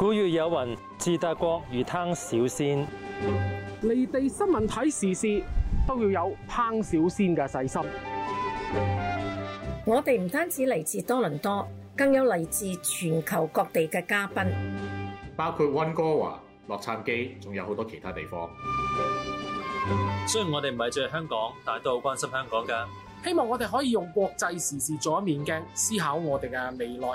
古語有云，治大國如烹小鮮。離地新聞睇時事，都要有烹小鮮嘅細心。我哋唔單止嚟自多倫多，更有嚟自全球各地嘅嘉賓，包括溫哥華、洛杉磯，仲有好多其他地方。雖然我哋唔係住喺香港，但係都好關心香港嘅。希望我哋可以用國際時事做一面鏡，思考我哋嘅未來。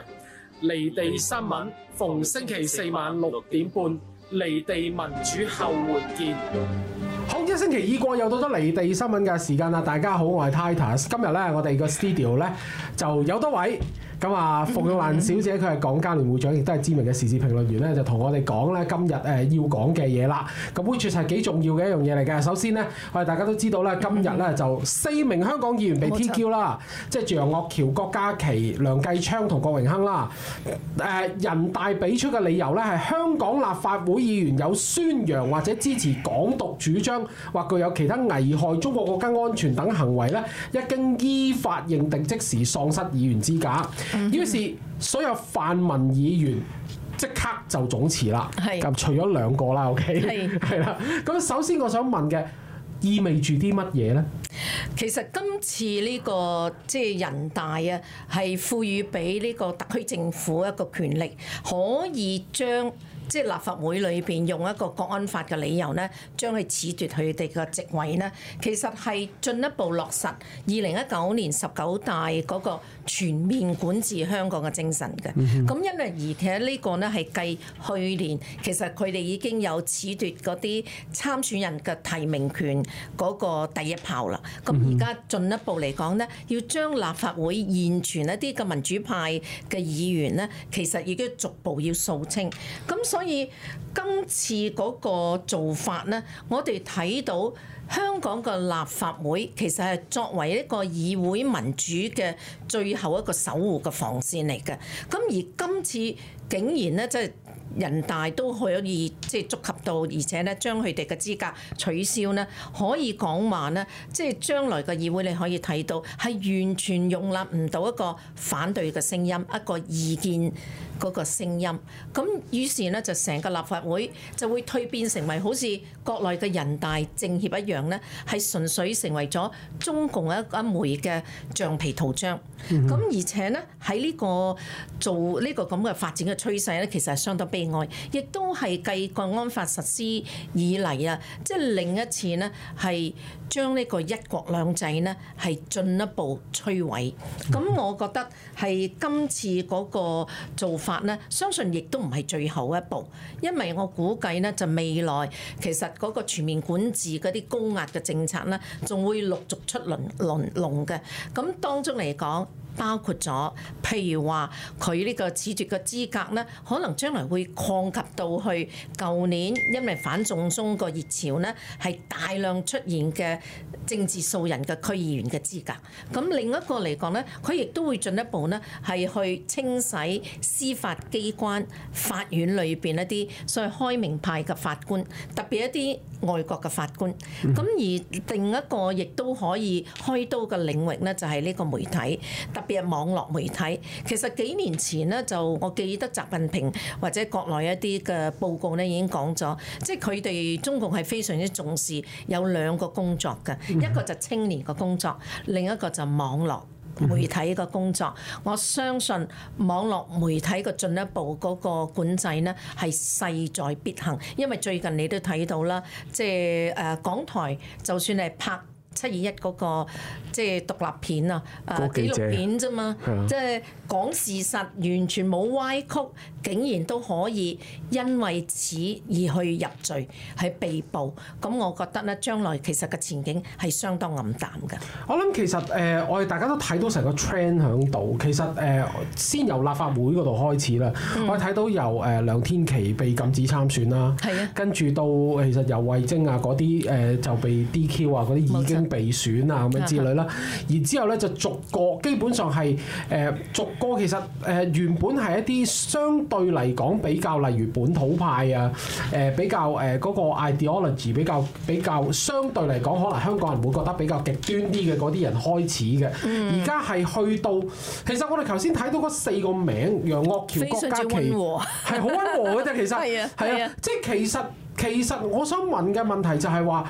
離地新聞，逢星期四晚六點半，離地民主後援見。好，一星期已過，又到咗離地新聞嘅時間啦！大家好，我係 Titus。今日咧我哋個 studio 咧就有多位。咁啊，馮玉蘭小姐佢係港交聯會長，亦都係知名嘅時事評論員咧，就同我哋講咧今日誒要講嘅嘢啦。咁呢個係幾重要嘅一樣嘢嚟嘅。首先呢，我哋大家都知道咧，今日咧就四名香港議員被 TQ 啦，即係楊岳橋、郭家麒、梁繼昌同郭榮鏗啦。誒、呃、人大俾出嘅理由咧，係香港立法會議員有宣揚或者支持港獨主張，或具有其他危害中國國家安全等行為咧，一經依法認定，即時喪失議員資格。於是所有泛民議員即刻就總辭啦，咁係除咗兩個啦，OK，係，係啦。咁首先我想問嘅，意味住啲乜嘢咧？其實今次呢個即係人大啊，係賦予俾呢個特區政府一個權力，可以將即係立法會裏邊用一個國安法嘅理由咧，將佢褫奪佢哋嘅席位咧，其實係進一步落實二零一九年十九大嗰個全面管治香港嘅精神嘅。咁、嗯、哼因為而且呢個咧係繼去年，其實佢哋已經有褫奪嗰啲參選人嘅提名權嗰個第一炮啦。咁而家進一步嚟講呢要將立法會現存一啲嘅民主派嘅議員呢，其實已經逐步要掃清。咁所以今次嗰個做法咧，我哋睇到香港嘅立法會其實，係作為一個議會民主嘅最後一個守護嘅防線嚟嘅。咁而今次竟然咧，即係人大都可以即係觸及到，而且咧將佢哋嘅資格取消咧，可以講話咧，即係將來嘅議會你可以睇到係完全容納唔到一個反對嘅聲音，一個意見。嗰個聲音，咁於是咧就成個立法會就會蛻變成為好似國內嘅人大政協一樣咧，係純粹成為咗中共一一枚嘅橡皮圖章。咁而且咧喺呢個做呢個咁嘅發展嘅趨勢咧，其實係相當悲哀，亦都係繼國安法實施以嚟啊，即係另一次咧係將呢個一國兩制咧係進一步摧毀，咁我覺得係今次嗰個做法。法呢，相信亦都唔係最後一步，因為我估計呢，就未來其實嗰個全面管治嗰啲高壓嘅政策呢，仲會陸續出輪輪籠嘅。咁當中嚟講。包括咗，譬如話佢呢個褫奪嘅資格咧，可能將來會擴及到去舊年，因為反送中個熱潮咧，係大量出現嘅政治素人嘅區議員嘅資格。咁另一個嚟講咧，佢亦都會進一步咧係去清洗司法機關、法院裏邊一啲所謂開明派嘅法官，特別一啲外國嘅法官。咁而另一個亦都可以開刀嘅領域咧，就係呢個媒體。特別係網絡媒體，其實幾年前咧就我記得習近平或者國內一啲嘅報告咧已經講咗，即係佢哋中共係非常之重視有兩個工作嘅，一個就青年嘅工作，另一個就網絡媒體嘅工作。我相信網絡媒體嘅進一步嗰個管制呢係勢在必行，因為最近你都睇到啦，即係誒、呃、港台就算係拍七二一嗰個即係獨立片啊，呃、個紀錄片啫嘛，是的 即係講事實，完全冇歪曲，竟然都可以因為此而去入罪，係被捕。咁我覺得咧，將來其實嘅前景係相當暗淡嘅、呃。我諗其實誒，我哋大家都睇到成個 trend 喺度。其實誒、呃，先由立法會嗰度開始啦，嗯、我哋睇到由誒、呃、梁天琦被禁止參選啦，是的 嗯、跟住到其實游蕙禎啊嗰啲誒就被 DQ 啊嗰啲已經。嗯被選啊咁樣之類啦，然之後咧就逐個，基本上係誒逐個其實誒、呃、原本係一啲相對嚟講比較，例如本土派啊，誒、呃、比較誒嗰、呃那個 ideology 比較比較相對嚟講，可能香港人會覺得比較極端啲嘅嗰啲人開始嘅，而家係去到其實我哋頭先睇到嗰四個名，楊岳橋國、郭家麒係好溫和嘅啫，其實係啊，即係其實，其實，其實其實我想想問嘅問題就係、是、話。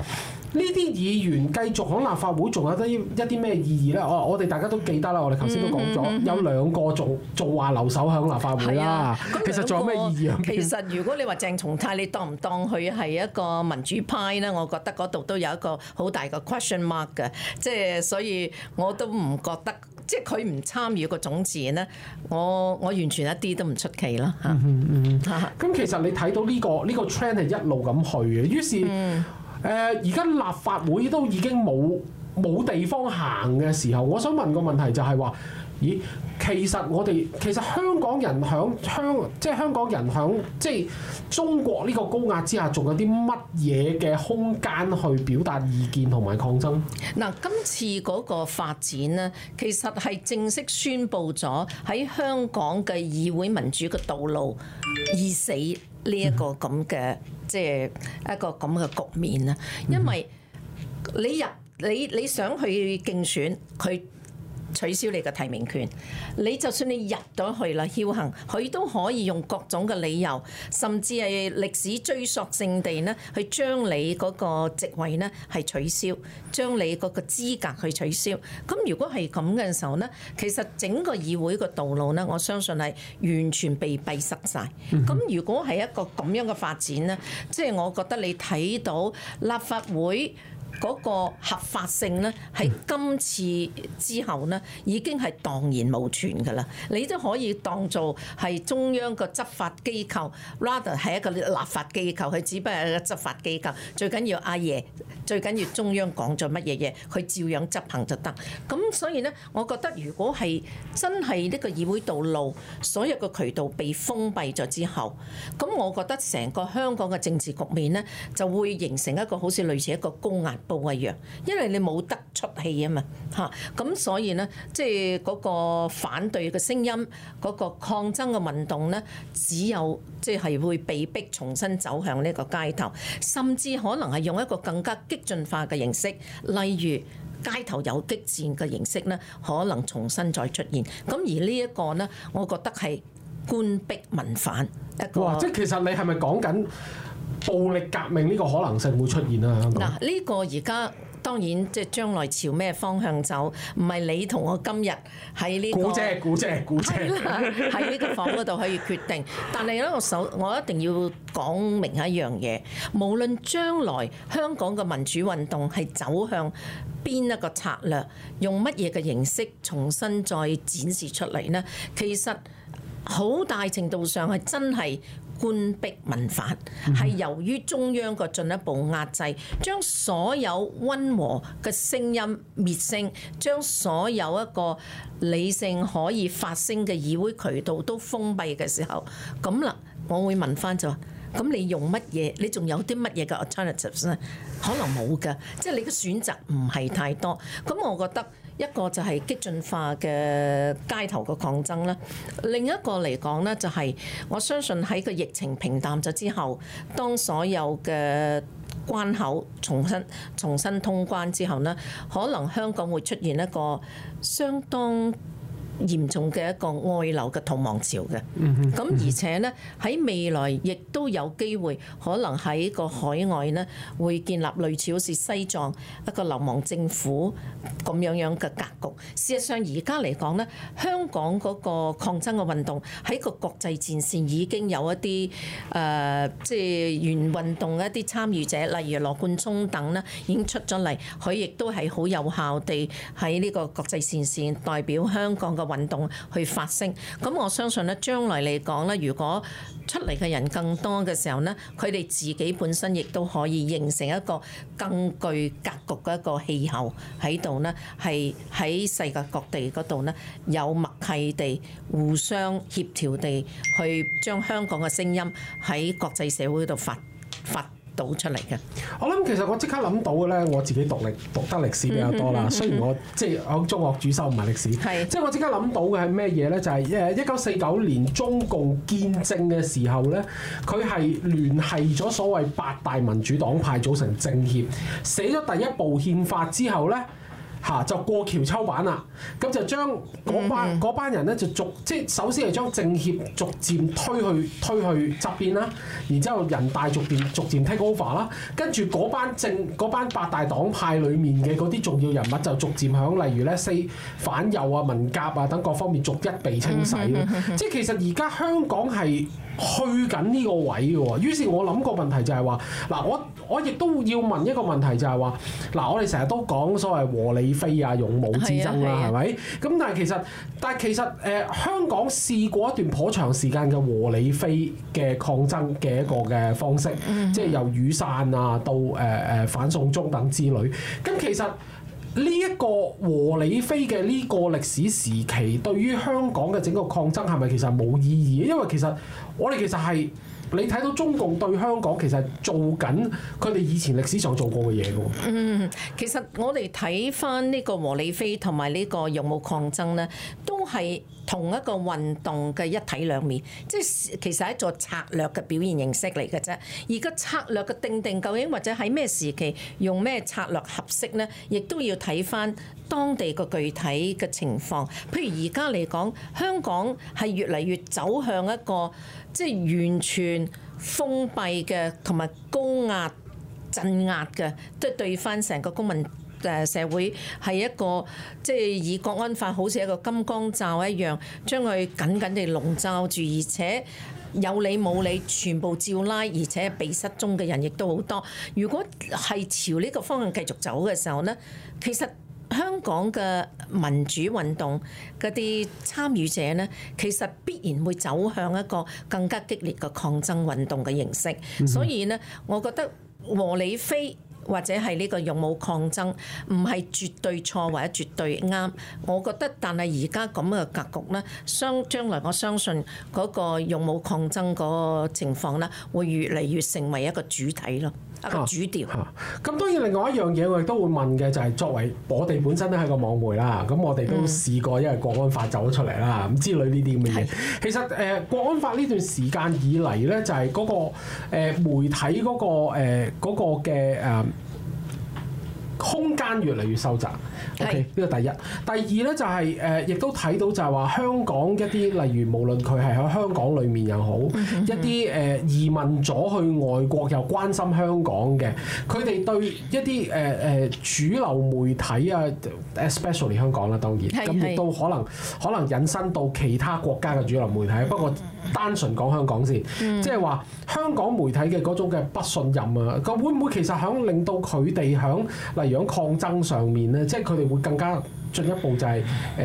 呢啲議員繼續喺立法會，仲有啲一啲咩意義咧？哦、oh,，我哋大家都記得啦，我哋頭先都講咗，mm hmm. 有兩個做做話留守喺立法會啦。啊、其實仲有咩意義啊？其實如果你話鄭松泰，你當唔當佢係一個民主派咧？我覺得嗰度都有一個好大個 question mark 嘅，即係所以我都唔覺得，即係佢唔參與個總辭咧，我我完全一啲都唔出奇啦。咁、mm hmm. 其實你睇到呢、呢個呢、呢個 trend 係一路咁去嘅，於是。Mm hmm. 誒而家立法會都已經冇冇地方行嘅時候，我想問個問題就係話，咦，其實我哋其實香港人響香，即係香港人響即係中國呢個高壓之下，仲有啲乜嘢嘅空間去表達意見同埋抗爭？嗱，今次嗰個發展呢，其實係正式宣布咗喺香港嘅議會民主嘅道路已死。呢一個咁嘅，即係一個咁嘅局面啦，因為你入，你你想去競選，佢，取消你嘅提名權，你就算你入咗去啦，僥倖，佢都可以用各種嘅理由，甚至係歷史追溯性地呢去將你嗰個職位呢，係取消，將你嗰個資格去取消。咁如果係咁嘅時候呢，其實整個議會個道路呢，我相信係完全被閉塞晒，咁如果係一個咁樣嘅發展呢，即係我覺得你睇到立法會。嗰個合法性呢，喺今次之後呢已經係蕩然無存㗎啦。你都可以當做係中央個執法機構，rather 係一個立法機構，佢只不過係一個執法機構。最緊要阿爺，最緊要中央講咗乜嘢嘢，佢照樣執行就得。咁所以呢，我覺得如果係真係呢個議會道路，所有個渠道被封閉咗之後，咁我覺得成個香港嘅政治局面呢，就會形成一個好似類似一個高壓。暴餉，因為你冇得出氣啊嘛，嚇、啊！咁所以呢，即係嗰個反對嘅聲音，嗰、嗰個抗爭嘅運動呢，只有即係會被逼重新走向呢個街頭，甚至可能係用一個更加激進化嘅形式，例如街頭有激戰嘅形式呢，可能重新再出現。咁而呢一個呢，我覺得係官逼民反一個。哇！即係其實你係咪講緊？暴力革命呢個可能性會出現啦、啊！嗱，呢、啊這個而家當然即係將來朝咩方向走，唔係你同我今日喺呢個股啫股啫股啫喺呢個房嗰度可以決定。 但係咧，我首我一定要講明一樣嘢，無論將來香港嘅民主運動係走向邊一個策略，用乜嘢嘅形式重新再展示出嚟呢？其實好大程度上係真係。官逼民反係由於中央個進一步壓制，將所有溫和嘅聲音滅聲，將所有一個理性可以發聲嘅議會渠道都封閉嘅時候，咁啦，我會問翻就話：咁你用乜嘢？你仲有啲乜嘢嘅 alternatives 咧？可能冇㗎，即係你嘅選擇唔係太多。咁我覺得。一個就係激進化嘅街頭嘅抗爭啦。另一個嚟講呢，就係我相信喺個疫情平淡咗之後，當所有嘅關口重新重新通關之後呢，可能香港會出現一個相當嚴重嘅一個外流嘅逃亡潮嘅，咁、mm hmm. 而且咧喺未來亦都有機會可能喺個海外咧會建立類似好似西藏一個流亡政府咁樣樣嘅格局。事實上而家嚟講咧，香港個抗爭嘅運動，喺個國際戰線已經有一啲誒、呃、即係原運動一啲參與者，例如羅冠聰等咧已經出咗嚟，佢亦都係好有效地喺呢個國際戰線代表香港嘅運動去發聲，咁我相信咧，將來嚟講咧，如果出嚟嘅人更多嘅時候咧，佢哋自己本身亦都可以形成一個更具格局嘅一個氣候喺度呢，係喺世界各地嗰度呢，有默契地互相協調地去將香港嘅聲音喺國際社會度發發。發倒出嚟嘅，我諗其實我即刻諗到嘅咧，我自己讀歷讀得歷史比較多啦。雖然我即係我中學主修唔係歷史，是即係我即刻諗到嘅係咩嘢咧？就係誒一九四九年中共建政嘅時候咧，佢係聯繫咗所謂八大民主黨派組成政協，寫咗第一部憲法之後咧。嚇，就過橋抽板啦，咁就將嗰班嗰班人咧就逐即係首先係將政協逐漸推去推去側邊啦，然之後人大逐漸逐漸 take over 啦，跟住嗰班政嗰班八大黨派裡面嘅嗰啲重要人物就逐漸響例如咧四反右啊、文革啊等各方面逐一被清洗， 即係其實而家香港係。去緊呢個位嘅喎，於是，我諗個問題就係話，嗱，我我亦都要問一個問題就係話，嗱，我哋成日都講所謂和理非啊、勇武之爭啦，係咪？咁但係其實，但係其實，誒、呃，香港試過一段頗長時間嘅和理非嘅抗爭嘅一個嘅方式，嗯、哼即係由雨傘啊到誒誒、呃、反送中等之類，咁其實。呢一個和理非嘅呢個歷史時期，對於香港嘅整個抗爭係咪其實冇意義？因為其實我哋其實係你睇到中共對香港其實係做緊佢哋以前歷史上做過嘅嘢嘅喎。嗯，其實我哋睇翻呢個和理非同埋呢個有冇抗爭呢？都係。同一個運動嘅一體兩面，即係其實係一座策略嘅表現形式嚟嘅啫。而家策略嘅定定究竟或者喺咩時期用咩策略合適呢？亦都要睇翻當地個具體嘅情況。譬如而家嚟講，香港係越嚟越走向一個即係、就是、完全封閉嘅，同埋高壓鎮壓嘅，即係對翻成個公民。誒社會係一個即係以國安法好似一個金剛罩一樣，將佢緊緊地籠罩住，而且有理冇理全部照拉，而且被失蹤嘅人亦都好多。如果係朝呢個方向繼續走嘅時候呢，其實香港嘅民主運動嗰啲參與者呢，其實必然會走向一個更加激烈嘅抗爭運動嘅形式。所以呢，我覺得和理非。或者係呢個勇武抗爭，唔係絕對錯或者絕對啱。我覺得，但係而家咁嘅格局呢，相將來我相信嗰個勇武抗爭嗰個情況呢，會越嚟越成為一個主體咯，啊、一個主調。咁、啊啊、當然另外一樣嘢我哋都會問嘅就係、是，作為我哋本身都係個網媒啦，咁我哋都試過、嗯、因為國是、呃《國安法》走咗出嚟啦，咁之類呢啲咁嘅嘢。其實誒《國安法》呢段時間以嚟呢，就係、是、嗰、那個、呃、媒體嗰、那個誒嘅誒。呃那個空間越嚟越收窄。OK，呢個第一。第二咧就係、是、誒、呃，亦都睇到就係話香港一啲，例如無論佢係喺香港裏面又好， 一啲誒、呃、移民咗去外國又關心香港嘅，佢哋對一啲誒誒主流媒體啊，especially 香港啦，當然咁 亦都可能可能引申到其他國家嘅主流媒體。不過單純講香港先，即係話香港媒體嘅嗰種嘅不信任啊，咁會唔會其實響令到佢哋響例如響抗爭上面咧，即係？佢哋會更加進一步就係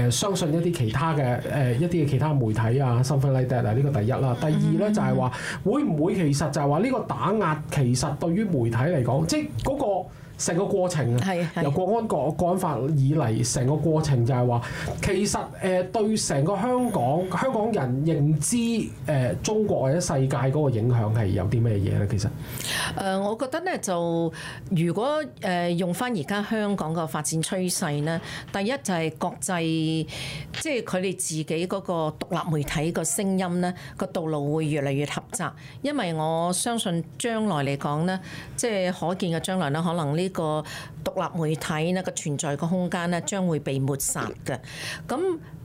誒相信一啲其他嘅誒一啲嘅其他媒體啊，新聞 leader 啊，呢個第一啦，第二咧就係話會唔會其實就係話呢個打壓其實對於媒體嚟講，即係嗰個。成個過程啊，由國安國安法以嚟，成個過程就係話，其實誒對成個香港香港人認知誒、呃、中國或者世界嗰個影響係有啲咩嘢咧？其實誒、呃、我覺得咧就如果誒、呃、用翻而家香港嘅發展趨勢咧，第一就係國際，即係佢哋自己嗰個獨立媒體個聲音咧，個道路會越嚟越狹窄，因為我相信將來嚟講咧，即係可見嘅將來咧，可能呢、這個、～個獨立媒體呢個存在個空間呢將會被抹殺嘅。咁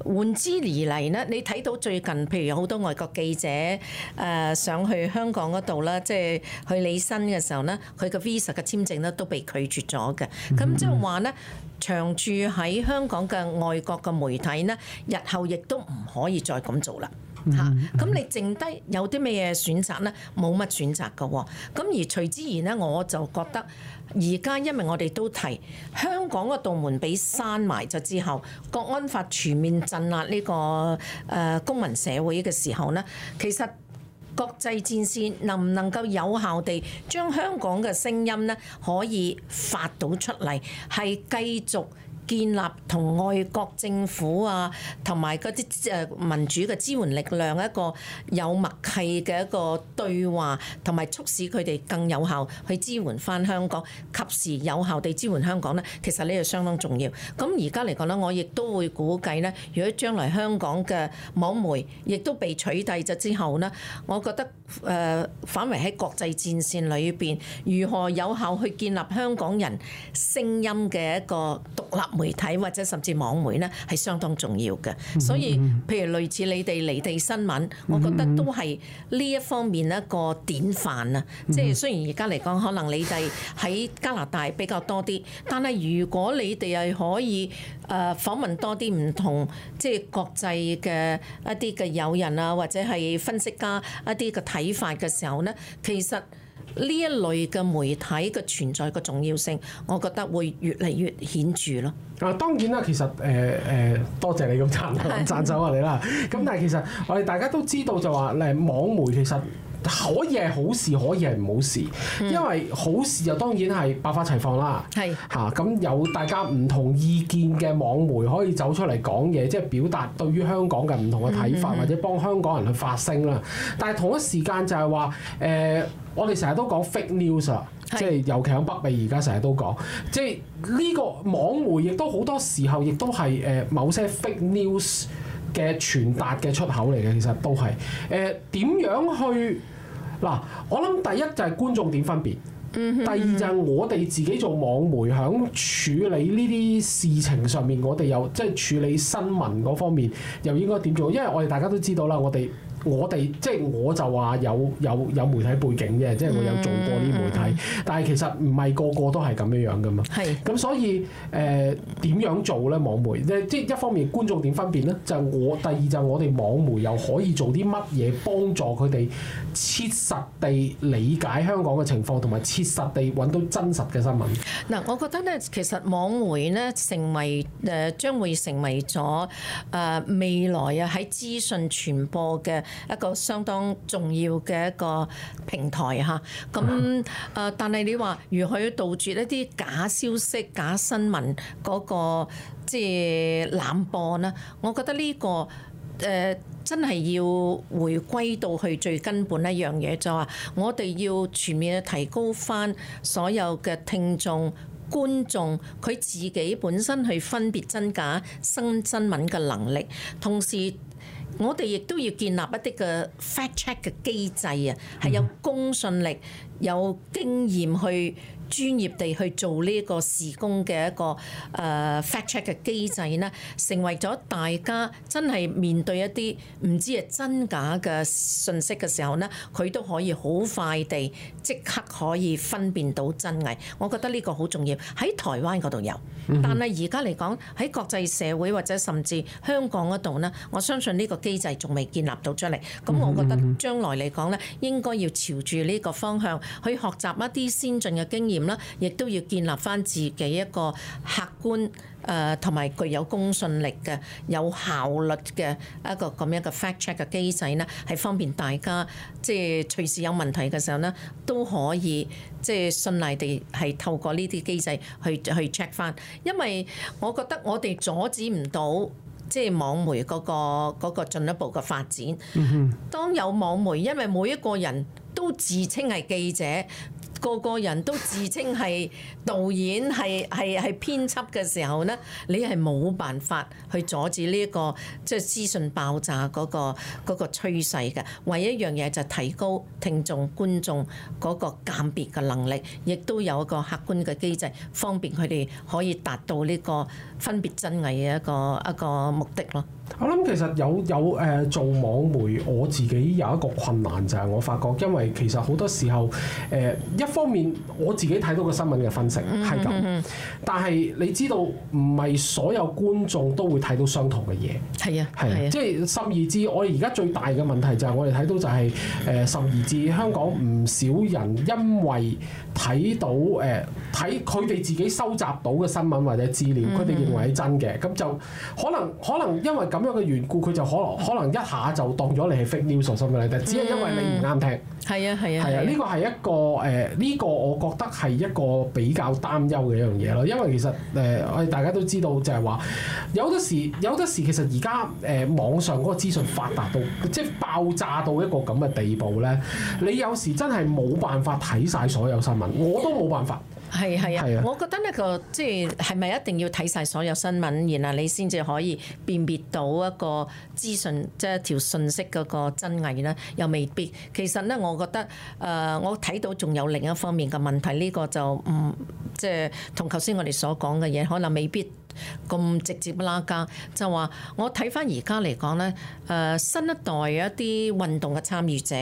換之而嚟呢，你睇到最近譬如有好多外國記者誒、呃、想去香港嗰度啦，即係去履新嘅時候呢，佢嘅 Visa 嘅簽證呢都被拒絕咗嘅。咁即係話呢，長住喺香港嘅外國嘅媒體呢，日後亦都唔可以再咁做啦。嚇！咁、嗯嗯、你剩低有啲咩嘢選擇呢？冇乜選擇噶喎、哦。咁而隨之而呢，我就覺得而家因為我哋都提香港個道門俾閂埋咗之後，國安法全面鎮壓呢、呢個誒、呃、公民社會嘅時候呢，其實國際戰線能唔能夠有效地將香港嘅聲音呢可以發到出嚟，係繼續，建立同外國政府啊，同埋嗰啲誒民主嘅支援力量一個有默契嘅一個對話，同埋促使佢哋更有效去支援返香港，及時有效地支援香港呢，其實呢個相當重要。咁而家嚟講呢，我亦都會估計呢，如果將來香港嘅網媒亦都被取締咗之後呢，我覺得誒、呃、反為喺國際戰線裏邊，如何有效去建立香港人聲音嘅一個獨立媒體或者甚至網媒呢，係相當重要嘅。所以，譬如類似你哋離地新聞，我覺得都係呢一方面一個典範啊。即係雖然而家嚟講，可能你哋喺加拿大比較多啲，但係如果你哋係可以誒訪問多啲唔同，即係國際嘅一啲嘅友人啊，或者係分析家一啲嘅睇法嘅時候呢，其實，呢一類嘅媒體嘅存在嘅重要性，我覺得會越嚟越顯著咯。啊，當然啦，其實誒誒、呃呃，多謝你咁贊贊賞我哋啦。咁 但係其實我哋大家都知道就話誒網媒其實。可以係好事，可以係唔好事，嗯、因為好事就當然係百花齊放啦。係嚇咁有大家唔同意見嘅網媒可以走出嚟講嘢，即、就、係、是、表達對於香港嘅唔同嘅睇法，嗯嗯嗯或者幫香港人去發聲啦。但係同一時間就係話，誒、呃、我哋成日都講 fake news 啦是，即係尤其響北美而家成日都講，即係呢個網媒亦都好多時候亦都係誒某些 fake news 嘅傳達嘅出口嚟嘅，其實都係誒點樣去？嗱，我諗第一就係觀眾點分別，第二就係我哋自己做網媒響處理呢啲事情上面，我哋又即係處理新聞嗰方面又應該點做？因為我哋大家都知道啦，我哋。我哋即係我就話有有有媒體背景嘅，即係我有做過啲媒體，嗯嗯、但係其實唔係個個都係咁樣樣噶嘛。係是，咁，所以誒點、呃、樣做咧網媒？即即係一方面觀眾點分辨咧，就係、是、我；第二就我哋網媒又可以做啲乜嘢幫助佢哋切實地理解香港嘅情況同埋切實地搵到真實嘅新聞，嗱、嗯，我覺得咧，其實網媒咧成為誒、呃、將會成為咗誒、呃、未來啊喺資訊傳播嘅。一個相當重要嘅一個平台嚇，咁、啊、誒，但係你話如何去杜絕一啲假消息、假新聞嗰、那個即係、就是、濫播咧？我覺得呢、這個誒、呃、真係要回歸到去最根本一樣嘢，就係、是、我哋要全面去提高翻所有嘅聽眾、觀眾佢自己本身去分別真假新新聞嘅能力，同時，我哋亦都要建立一啲嘅 fact check 嘅機制啊，係有公信力、有經驗去。專業地去做呢個事工嘅一個誒、uh, fact check 嘅機制咧，成為咗大家真係面對一啲唔知係真假嘅信息嘅時候咧，佢都可以好快地即刻可以分辨到真偽，我覺得呢個好重要。喺台灣度有，但係而家嚟講喺國際社會或者甚至香港度咧，我相信呢個機制仲未建立到出嚟。咁我覺得將來嚟講咧，應該要朝住呢個方向去學習一啲先進嘅經驗。咁啦，亦都要建立翻自己一個客觀誒，同、呃、埋具有公信力嘅、有效率嘅一個咁樣嘅 fact check 嘅機制呢，係方便大家即係隨時有問題嘅時候呢，都可以即係信賴地係透過呢啲機制去去 check 翻，因為我覺得我哋阻止唔到即係網媒嗰個嗰個進一步嘅發展。Mm hmm. 當有網媒，因為每一個人都自稱係記者。個個人都自稱係導演，係係係編輯嘅時候咧，你係冇辦法去阻止呢一個即係資訊爆炸嗰個嗰個趨勢嘅。唯一一樣嘢就提高聽眾觀眾嗰個鑑別嘅能力，亦都有一個客觀嘅機制，方便佢哋可以達到呢個分別真偽嘅一個一個目的咯。我諗其實有有誒做網媒，我自己有一個困難就係、是、我發覺，因為其實好多時候誒、呃、一方面我自己睇到個新聞嘅分析係咁，但係你知道唔係所有觀眾都會睇到相同嘅嘢。係啊係啊，即係十二字。就是、至我哋而家最大嘅問題就係我哋睇到就係誒十二字香港唔少人因為睇到誒睇佢哋自己收集到嘅新聞或者資料，佢哋認為係真嘅，咁就可能可能因為。咁樣嘅緣故，佢就可能可能一下就當咗你係 fake news，喪心嘅嚟嘅，只係因為你唔啱聽。係啊係啊，係啊，呢個係一個誒，呢、呃呢個我覺得係一個比較擔憂嘅一樣嘢咯。因為其實誒、呃，我哋大家都知道就係話，有得時有得時，其實而家誒網上嗰個資訊發達到，即係爆炸到一個咁嘅地步呢，你有時真係冇辦法睇晒所有新聞，我都冇辦法。係係啊，我覺得呢個即係係咪一定要睇晒所有新聞，然後你先至可以辨別到一個資訊即係一條信息嗰個真偽咧？又未必。其實咧，我覺得誒、呃，我睇到仲有另一方面嘅問題，呢個就唔即係同頭先我哋所講嘅嘢，可能未必。咁直接啦家，就話我睇返而家嚟講咧，誒、呃、新一代嘅一啲運動嘅參與者，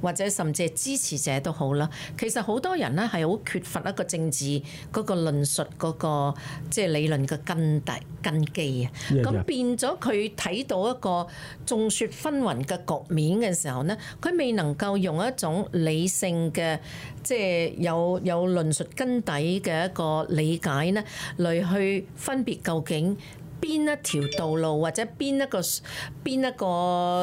或者甚至係支持者都好啦。其實好多人咧，係好缺乏一個政治嗰個論述嗰、嗰個即係理論嘅根底根基啊。咁的變咗佢睇到一個眾說紛紜嘅局面嘅時候咧，佢未能夠用一種理性嘅。即係有有論述根底嘅一個理解呢，來去分別究竟。邊一條道路，或者邊一個邊一個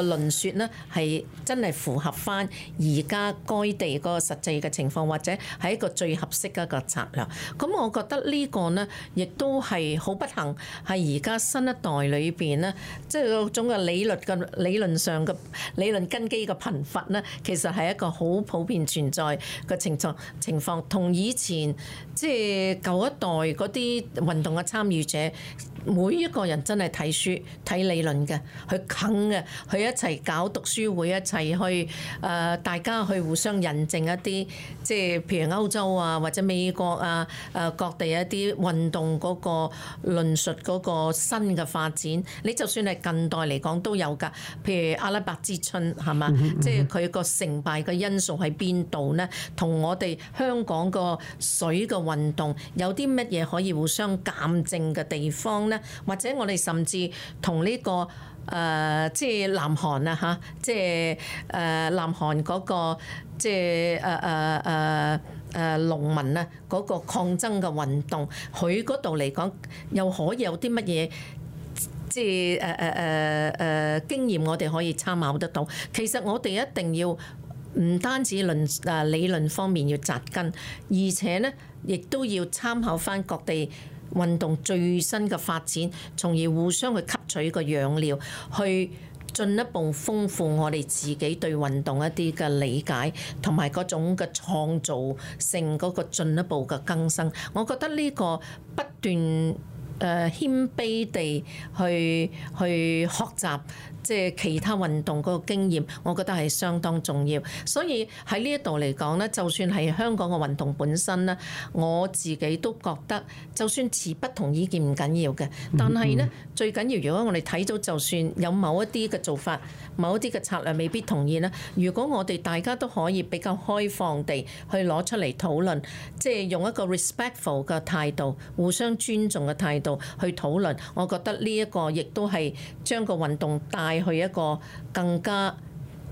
論說咧，係真係符合翻而家該地個實際嘅情況，或者係一個最合適嘅一個策略。咁、嗯、我覺得個呢個咧，亦都係好不幸，係而家新一代裏邊咧，即係嗰種嘅理論嘅理論上嘅理論根基嘅貧乏咧，其實係一個好普遍存在嘅情況情況，同以前即係舊一代嗰啲運動嘅參與者每。一個人真係睇書睇理論嘅，去啃嘅，去一齊搞讀書會，一齊去誒、呃，大家去互相印證一啲，即係譬如歐洲啊，或者美國啊，誒、呃、各地一啲運動嗰個論述嗰個新嘅發展，你就算係近代嚟講都有㗎。譬如阿拉伯之春係嘛？ 即係佢個成敗嘅因素喺邊度呢？同我哋香港個水嘅運動有啲乜嘢可以互相鑑證嘅地方呢？或者我哋甚至同呢、這個誒、呃，即係南韓啊，嚇，即係誒、呃、南韓嗰、那個即係誒誒誒誒農民啊嗰個抗爭嘅運動，佢嗰度嚟講又可以有啲乜嘢即係誒誒誒誒經驗，我哋可以參考得到。其實我哋一定要唔單止論啊理論方面要扎根，而且咧亦都要參考翻各地。運動最新嘅發展，從而互相去吸取個養料，去進一步豐富我哋自己對運動一啲嘅理解，同埋嗰種嘅創造性嗰個進一步嘅更新。我覺得呢個不斷。誒、uh, 謙卑地去去學習，即係其他運動個經驗，我覺得係相當重要。所以喺呢一度嚟講咧，就算係香港嘅運動本身咧，我自己都覺得，就算持不同意見唔緊要嘅，但係咧、mm hmm. 最緊要，如果我哋睇到，就算有某一啲嘅做法、某一啲嘅策略未必同意咧，如果我哋大家都可以比較開放地去攞出嚟討論，即係用一個 respectful 嘅態度、互相尊重嘅態度。去討論，我覺得呢一個亦都係將個運動帶去一個更加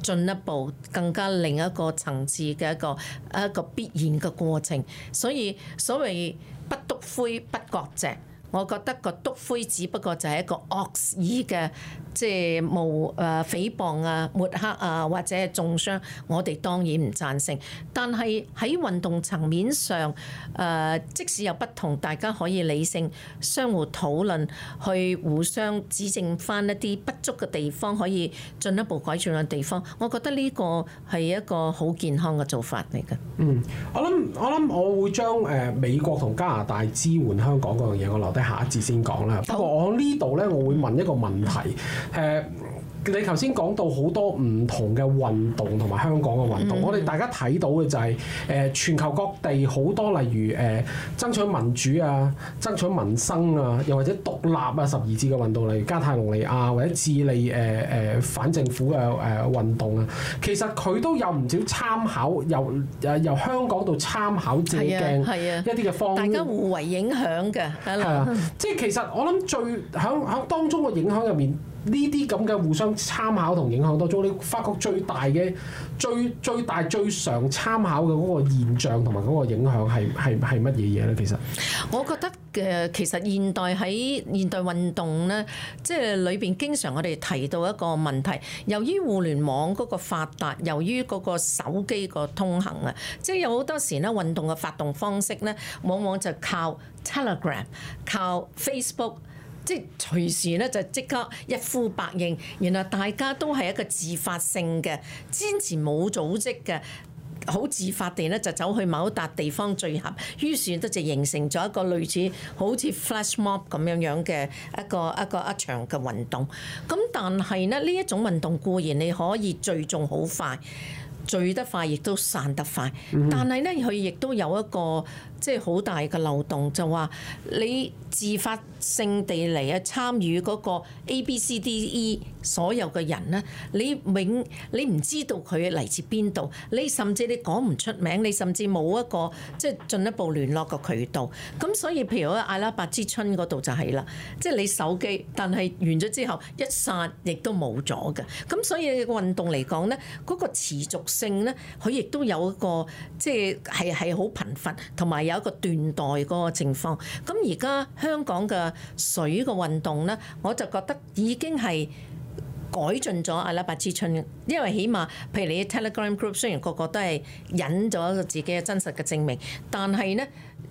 進一步、更加另一個層次嘅一個一個必然嘅過程。所以所謂不篤灰不割席。我覺得個篤灰只不過就係一個惡意嘅，即係冇誒、誹謗啊、抹黑啊或者係中傷，我哋當然唔贊成。但係喺運動層面上，誒、呃、即使有不同，大家可以理性相互討論，去互相指正翻一啲不足嘅地方，可以進一步改進嘅地方。我覺得呢個係一個好健康嘅做法嚟嘅。嗯，我諗我諗我會將誒美國同加拿大支援香港嗰樣嘢，我留低。下一節先講啦。不過我喺呢度咧，我會問一個問題誒。Uh 你頭先講到好多唔同嘅運動同埋香港嘅運動，嗯、我哋大家睇到嘅就係誒全球各地好多例如誒爭取民主啊、爭取民生啊，又或者獨立啊、十二字嘅運動，例如加泰隆尼亞或者智利誒誒反政府嘅誒運動啊，其實佢都有唔少參考由誒由香港度參考借鏡係啊，一啲嘅方，方大家互為影響嘅，係啦。係啊。即係其實我諗最喺喺當中嘅影響入面。呢啲咁嘅互相參考同影響當中，你發覺最大嘅最最大最常參考嘅嗰個現象同埋嗰個影響係係係乜嘢嘢咧？其實我覺得嘅、呃、其實現代喺現代運動咧，即係裏邊經常我哋提到一個問題，由於互聯網嗰個發達，由於嗰個手機個通行啊，即係有好多時咧運動嘅發動方式咧，往往就靠 Telegram、靠 Facebook。即係隨時咧就即刻一呼百應，原來大家都係一個自發性嘅，堅持冇組織嘅，好自發地咧就走去某一笪地方聚合，於是咧就形成咗一個類似好似 flash mob 咁樣樣嘅一個一個,一個一場嘅運動。咁但係呢，呢一種運動固然你可以聚眾好快，聚得快亦都散得快，但係咧佢亦都有一個。即係好大嘅漏洞，就話你自發性地嚟啊參與個 A、B、C、D、E 所有嘅人咧，你永你唔知道佢嚟自邊度，你甚至你講唔出名，你甚至冇一個即係進一步聯絡嘅渠道。咁所以譬如阿拉伯之春度就係、是、啦，即係你手機，但係完咗之後一剎亦都冇咗嘅。咁所以運動嚟講咧，嗰個持續性咧，佢亦都有一個即係係係好頻繁同埋有一個斷代嗰個情況，咁而家香港嘅水嘅運動呢，我就覺得已經係改進咗阿拉伯之春，因為起碼譬如你 Telegram group 雖然個個都係引咗自己嘅真實嘅證明，但係呢。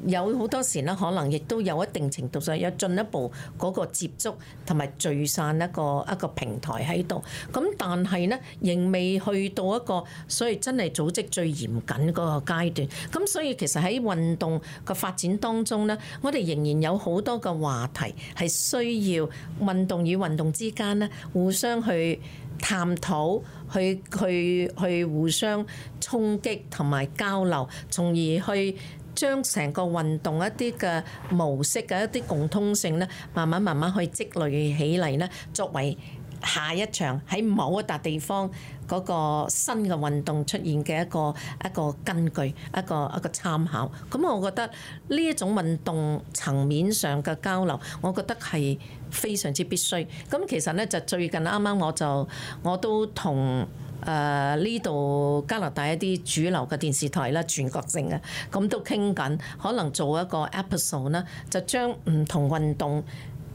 有好多時咧，可能亦都有一定程度上有進一步嗰個接觸同埋聚散一個一個平台喺度。咁但係咧，仍未去到一個所謂真係組織最嚴謹嗰個階段。咁所以其實喺運動嘅發展當中咧，我哋仍然有好多個話題係需要運動與運動之間咧互相去探討、去去去，去互相衝擊同埋交流，從而去。將成個運動一啲嘅模式嘅一啲共通性咧，慢慢慢慢去積累起嚟咧，作為下一場喺某一笪地方嗰個新嘅運動出現嘅一個一個根據，一個一個參考。咁、嗯、我覺得呢一種運動層面上嘅交流，我覺得係非常之必須。咁、嗯、其實咧，就最近啱啱我就我都同。誒呢度加拿大一啲主流嘅電視台啦，全國性嘅咁都傾緊，可能做一個 episode 啦，就將唔同運動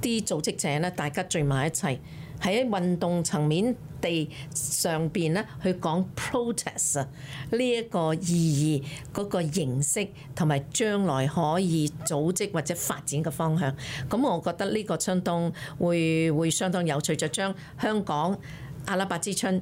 啲組織者呢，大家聚埋一齊喺運動層面地上邊呢，去講 protest 啊，呢一個意義嗰個形式同埋將來可以組織或者發展嘅方向。咁我覺得呢個春冬會會相當有趣，就將香港阿拉伯之春。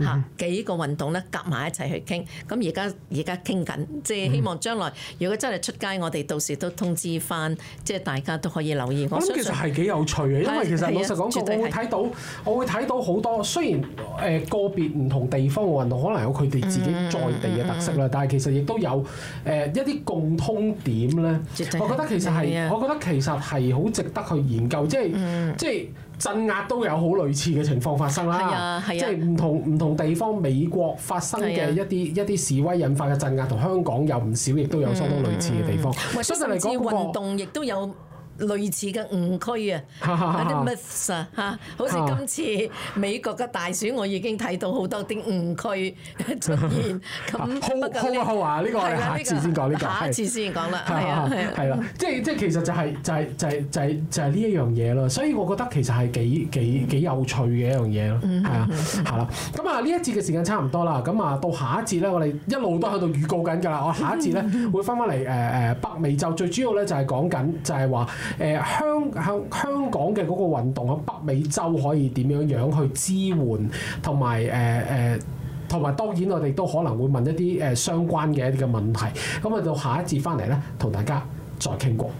嚇幾個運動咧，夾埋一齊去傾。咁而家而家傾緊，即係希望將來如果真係出街，我哋到時都通知返，即係大家都可以留意。我諗其實係幾有趣嘅，因為其實老實講，我會睇到，我會睇到好多。雖然誒個別唔同地方嘅運動可能有佢哋自己在地嘅特色啦，但係其實亦都有誒一啲共通點咧。我覺得其實係，我覺得其實係好值得去研究，即係即係鎮壓都有好類似嘅情況發生啦。係啊，係啊，即係唔同唔同。同地方美國發生嘅一啲一啲示威引發嘅鎮壓，同香港有唔少，亦都有相當類似嘅地方。嗯嗯嗯、所以嚟講，運動亦都有。類似嘅誤區啊，啊嚇，好似今次美國嘅大選，我已經睇到好多啲誤區出現。咁好，好啊好啊，呢個我哋下次先講呢個。呢個，下次先講啦。係啊，係啊。係啦，即係即係其實就係就係就係就係就係呢一樣嘢咯。所以我覺得其實係幾幾幾有趣嘅一樣嘢咯。係啊，係啦。咁啊，呢一節嘅時間差唔多啦。咁啊，到下一節咧，我哋一路都喺度預告緊㗎啦。我下一節咧會翻返嚟誒誒北美洲，最主要咧就係講緊就係話。誒香香香港嘅嗰個運動，喺北美洲可以點樣樣去支援，同埋誒誒，同、呃、埋當然我哋都可能會問一啲誒、呃、相關嘅一啲嘅問題。咁我哋，到下一節翻嚟咧，同大家再傾過。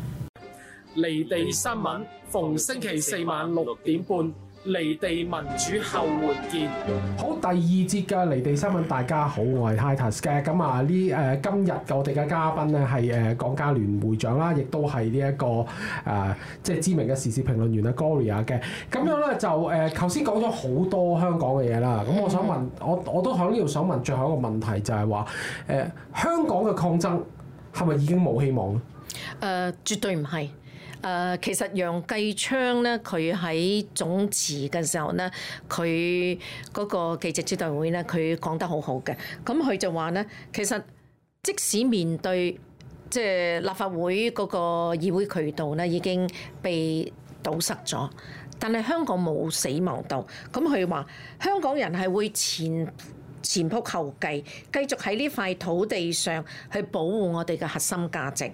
離地新聞，逢星期四晚六點半。離地民主後活見好，第二節嘅離地新聞，大家好，我係 Titus 嘅。咁啊，呢誒今日我哋嘅嘉賓咧係誒港家聯會長啦，亦都係呢一個誒即係知名嘅時事評論員啊 Gloria 嘅。咁樣咧就誒，頭先講咗好多香港嘅嘢啦。咁我想問，我我都喺呢度想問最後一個問題，就係，就係話誒香港嘅抗爭係咪已經冇希望咧？誒、呃，絕對唔係。誒，其實楊繼昌咧，佢喺總辭嘅時候咧，佢嗰個記者招待會咧，佢講得好好嘅。咁佢就話咧，其實即使面對即係立法會嗰個議會渠道咧已經被堵塞咗，但係香港冇死亡度，咁佢話香港人係會前前仆後繼，繼續喺呢塊土地上去保護我哋嘅核心價值。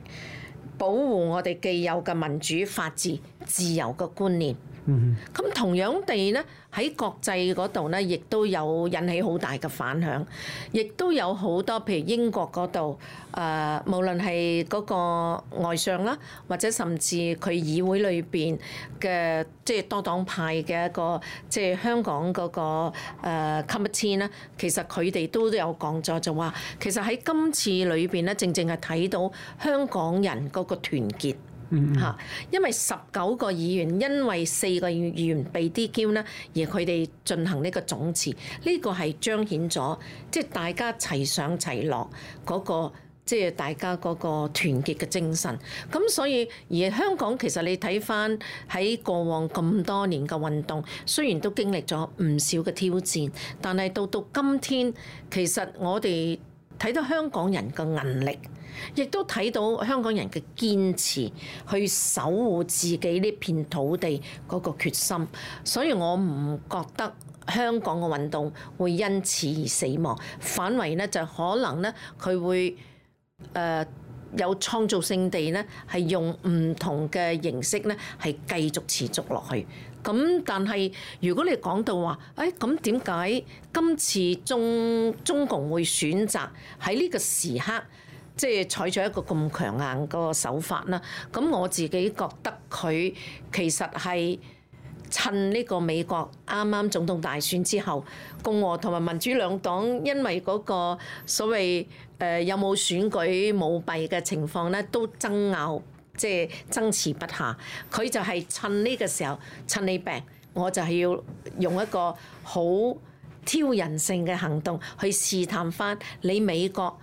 保護我哋既有嘅民主、法治、自由嘅觀念。咁、mm hmm. 同樣地呢。喺國際嗰度咧，亦都有引起好大嘅反響，亦都有好多譬如英國嗰度，誒、呃、無論係嗰個外相啦，或者甚至佢議會裏邊嘅即係多黨派嘅一個即係香港嗰、嗰個、呃、commitment 啦，其實佢哋都有講咗，就話其實喺今次裏邊咧，正正係睇到香港人嗰個團結。嗯、mm hmm. 因為十九個議員因為四個議員被 DQ，而佢哋進行呢個總辭，呢、這個係彰顯咗即係大家齊上齊落嗰、那個即係、就是、大家嗰個團結嘅精神。咁所以而香港其實你睇返喺過往咁多年嘅運動，雖然都經歷咗唔少嘅挑戰，但係到到今天其實我哋。睇到香港人嘅韌力，亦都睇到香港人嘅堅持，去守護自己呢片土地嗰個決心，所以我唔覺得香港嘅運動會因此而死亡，反為呢，就可能呢，佢會誒、呃、有創造性地呢，係用唔同嘅形式呢，係繼續持續落去。咁但係如果你講到話，誒咁點解今次中中共會選擇喺呢個時刻，即係採取一個咁強硬個手法咧？咁我自己覺得佢其實係趁呢個美國啱啱總統大選之後，共和同埋民主兩黨因為嗰個所謂誒、呃、有冇選舉舞弊嘅情況咧，都爭拗。即係爭持不下，佢就係趁呢個時候，趁你病，我就係要用一個好挑人性嘅行動去試探翻你美國，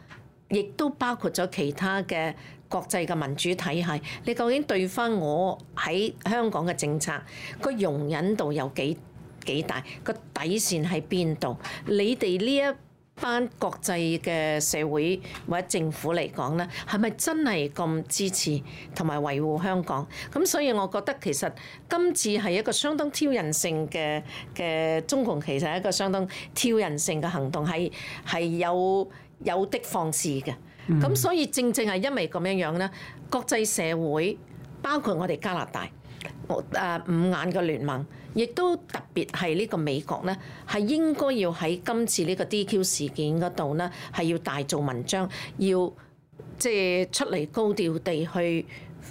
亦都包括咗其他嘅國際嘅民主體系，你究竟對翻我喺香港嘅政策個容忍度有幾幾大，個底線喺邊度？你哋呢一翻國際嘅社會或者政府嚟講咧，係咪真係咁支持同埋維護香港？咁所以我覺得其實今次係一個相當挑釁性嘅嘅中共，其實係一個相當挑釁性嘅行動，係係有有的放矢嘅。咁所以正正係因為咁樣樣咧，國際社會包括我哋加拿大。五五眼嘅聯盟，亦都特別係呢個美國咧，係應該要喺今次呢個 DQ 事件嗰度咧，係要大做文章，要即係、就是、出嚟高調地去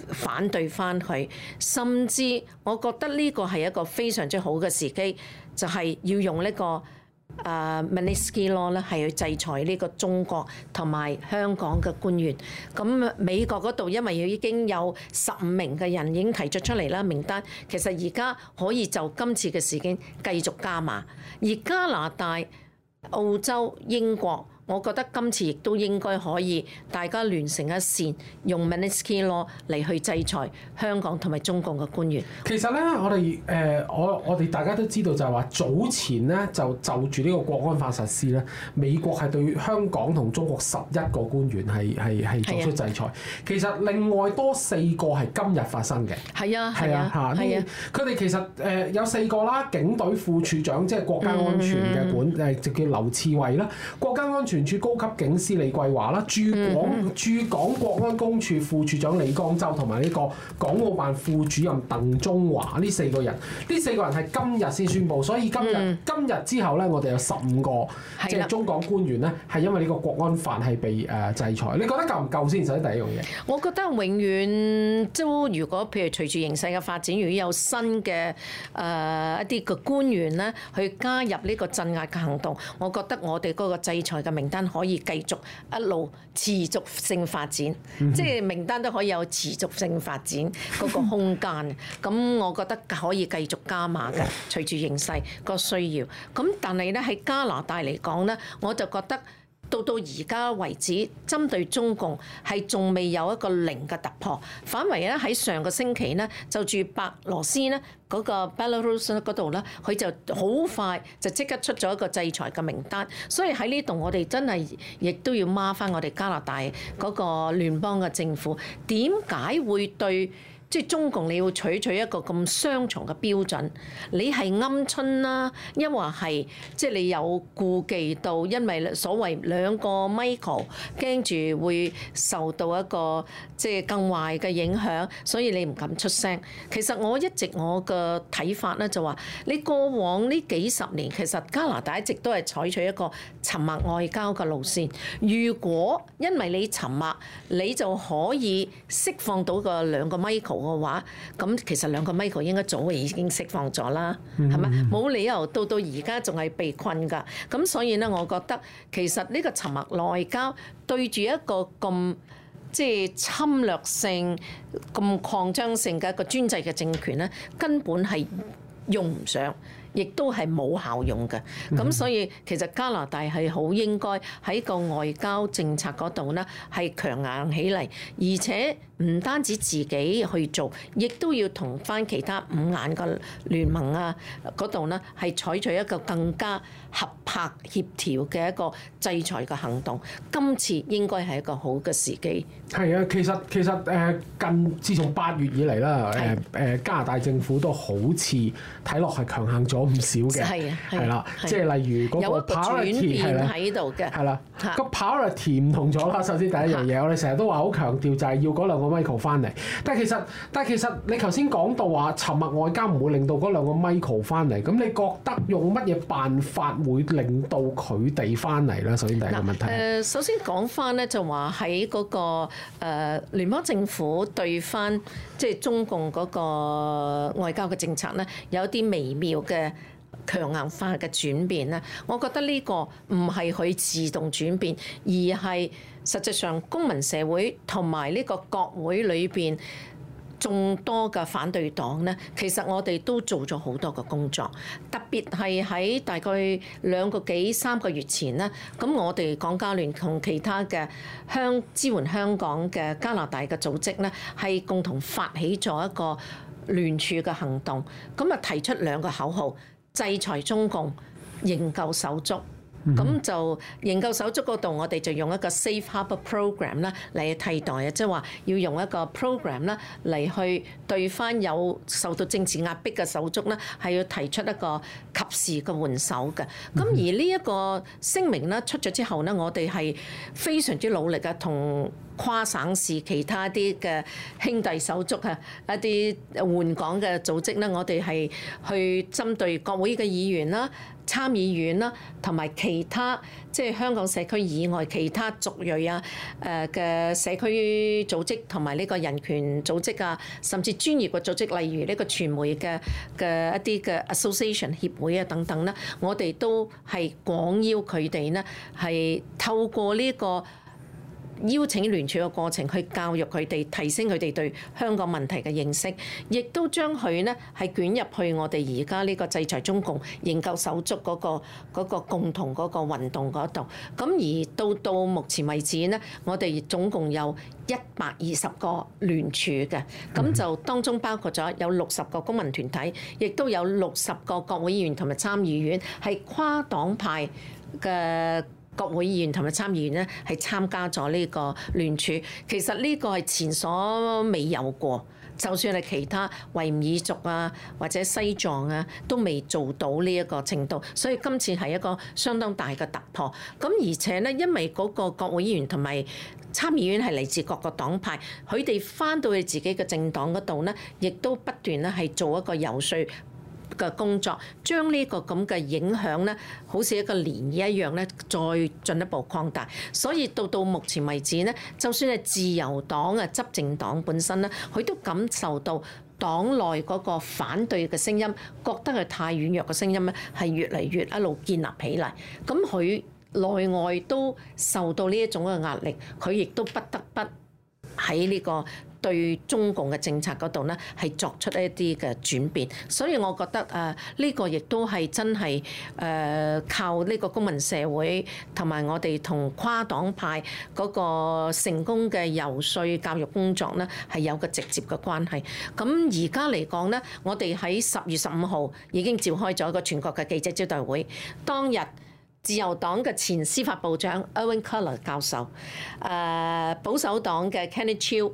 反對翻佢，甚至我覺得呢個係一個非常之好嘅時機，就係、是、要用呢、這個。誒 Magnitsky Law 咧係去制裁呢個中國同埋香港嘅官員，咁美國嗰度因為已經有十五名嘅人已經提咗出嚟啦名單，其實而家可以就今次嘅事件繼續加碼，而加拿大、澳洲、英國。我覺得今次亦都應該可以大家聯成一線，用 Magnitsky 嚟去制裁香港同埋中共嘅官員。其實咧，我哋誒、呃、我我哋大家都知道就係話，早前咧就就住呢個國安法實施咧，美國係對香港同中國十一個官員係係係作出制裁。是啊、其實另外多四個係今日發生嘅。係是啊係是啊是啊。佢哋其實誒有四個啦，警隊副處長即係國家安全嘅管誒、嗯嗯嗯嗯、就叫劉賜蕙啦，國家安全。處高級警司李桂華啦，駐港、mm hmm. 駐港國安公署副署長李江州，同埋呢個港澳辦副主任鄧中華呢四個人，呢四個人係今日先宣佈，所以今日、mm hmm. 今日之後咧，我哋有十五個、mm hmm. 即係中港官員咧，係因為呢個國安法係被誒、呃、制裁。你覺得夠唔夠先？首先第一樣嘢，我覺得永遠即如果譬如隨住形勢嘅發展，如果有新嘅誒、呃、一啲嘅官員咧去加入呢個鎮壓嘅行動，我覺得我哋嗰個制裁嘅名。名單可以繼續一路持續性發展， 即係名單都可以有持續性發展嗰個空間。咁 我覺得可以繼續加碼嘅， 隨住形勢個需要。咁但係咧喺加拿大嚟講咧，我就覺得。到到而家為止，針對中共係仲未有一個零嘅突破，反為咧喺上個星期咧就住白羅斯咧嗰、那個 Belarus 嗰度咧，佢就好快就即刻出咗一個制裁嘅名單，所以喺呢度我哋真係亦都要孖翻我哋加拿大嗰個聯邦嘅政府點解會對？即係中共你要採取，取一個咁雙重嘅標準，你係鵪鶉啦，抑或係即係你有顧忌到，因為所謂兩個 Michael 驚住會受到一個即係更壞嘅影響，所以你唔敢出聲，其實我一直我嘅睇法咧就話、是、你過往呢幾十年其實加拿大一直都係採取一個沉默外交嘅路綫，如果因為你沉默，你就可以釋放到個兩個 Michael。嘅話，咁其實兩個 Michael 應該早就已經釋放咗啦，係咪？冇、mm hmm，理由到到而家仲係被困噶。咁所以咧，我覺得其實呢個沉默外交對住一個咁即係侵略性、咁擴張性嘅一個專制嘅政權咧，根本係用唔上，亦都係冇效用嘅。咁所以其實加拿大係好應該喺個外交政策嗰度咧，係強硬起嚟，而且。唔單止自己去做，亦都要同翻其他五眼嘅聯盟啊嗰度咧，係採取一個更加合拍協調嘅一個制裁嘅行動。今次應該係一個好嘅時機，係啊，其實其實誒近自從八月以嚟啦，誒誒加拿大政府都好似睇落係強行咗唔少嘅，係啊，係啦，即係例如嗰個 parity 係啦，個 parity 唔同咗啦。首先第一樣嘢，我哋成日都話好強調就係要嗰兩個 Michael 翻嚟，但係其實，但係其實你頭先講到話，沉默外交唔會令到嗰兩個 Michael 翻嚟，咁你覺得用乜嘢辦法會令到佢哋翻嚟咧？首先第一個問題。誒，首先講翻咧，就話喺嗰個誒、呃、聯邦政府對翻即係中共嗰個外交嘅政策咧，有啲微妙嘅強硬化嘅轉變咧。我覺得呢個唔係佢自動轉變，而係。實際上，公民社會同埋呢個國會裏邊眾多嘅反對黨呢，其實我哋都做咗好多嘅工作，特別係喺大概兩個幾三個月前咧，咁我哋港加聯同其他嘅香支援香港嘅加拿大嘅組織呢，係共同發起咗一個聯署嘅行動，咁啊提出兩個口號：制裁中共，營救手足。咁、mm hmm. 就營救手足嗰度，我哋就用一個 safe harbor program 啦嚟替代啊，即係話要用一個 program 啦嚟去對返有受到政治壓迫嘅手足咧，係要提出一個及時嘅援手嘅。咁而呢一個聲明咧出咗之後咧，我哋係非常之努力嘅同，跨省市其他啲嘅兄弟手足啊，一啲援港嘅組織咧，我哋係去針對國會嘅議員啦、參議員啦，同埋其他即係香港社區以外其他族裔啊、誒嘅社區組織同埋呢個人權組織啊，甚至專業嘅組織，例如呢個傳媒嘅嘅一啲嘅 association 協會啊等等啦，我哋都係廣邀佢哋咧，係透過呢個。邀請聯署嘅過程，去教育佢哋，提升佢哋對香港問題嘅認識，亦都將佢呢係捲入去我哋而家呢個制裁中共、營救手足嗰個、嗰個、嗰個、共同嗰個運動嗰度。咁而到到目前為止呢，我哋總共有一百二十個聯署嘅，咁就當中包括咗有六十個公民團體，亦都有六十個國會議員同埋參議員係跨黨派嘅。國會議員同埋參議員咧係參加咗呢個聯署，其實呢個係前所未有過。就算係其他維吾爾族啊，或者西藏啊，都未做到呢一個程度，所以今次係一個相當大嘅突破。咁而且咧，因為嗰個國會議員同埋參議員係嚟自各個黨派，佢哋翻到去自己嘅政黨嗰度咧，亦都不斷咧係做一個游説。嘅工作將呢個咁嘅影響咧，好似一個漣漪一樣咧，再進一步擴大。所以到到目前為止咧，就算係自由黨啊執政黨本身咧，佢都感受到黨內嗰個反對嘅聲音，覺得佢太軟弱嘅聲音咧，係越嚟越一路建立起嚟。咁佢內外都受到呢一種嘅壓力，佢亦都不得不喺呢個。對中共嘅政策嗰度呢，係作出一啲嘅轉變，所以我覺得誒呢個亦都係真係誒靠呢個公民社會同埋我哋同跨黨派嗰個成功嘅游説教育工作呢，係有個直接嘅關係。咁而家嚟講呢，我哋喺十月十五號已經召開咗一個全國嘅記者招待會，當日自由黨嘅前司法部長 Irwin Cotler 教授，誒保守黨嘅 Kenny Chiu。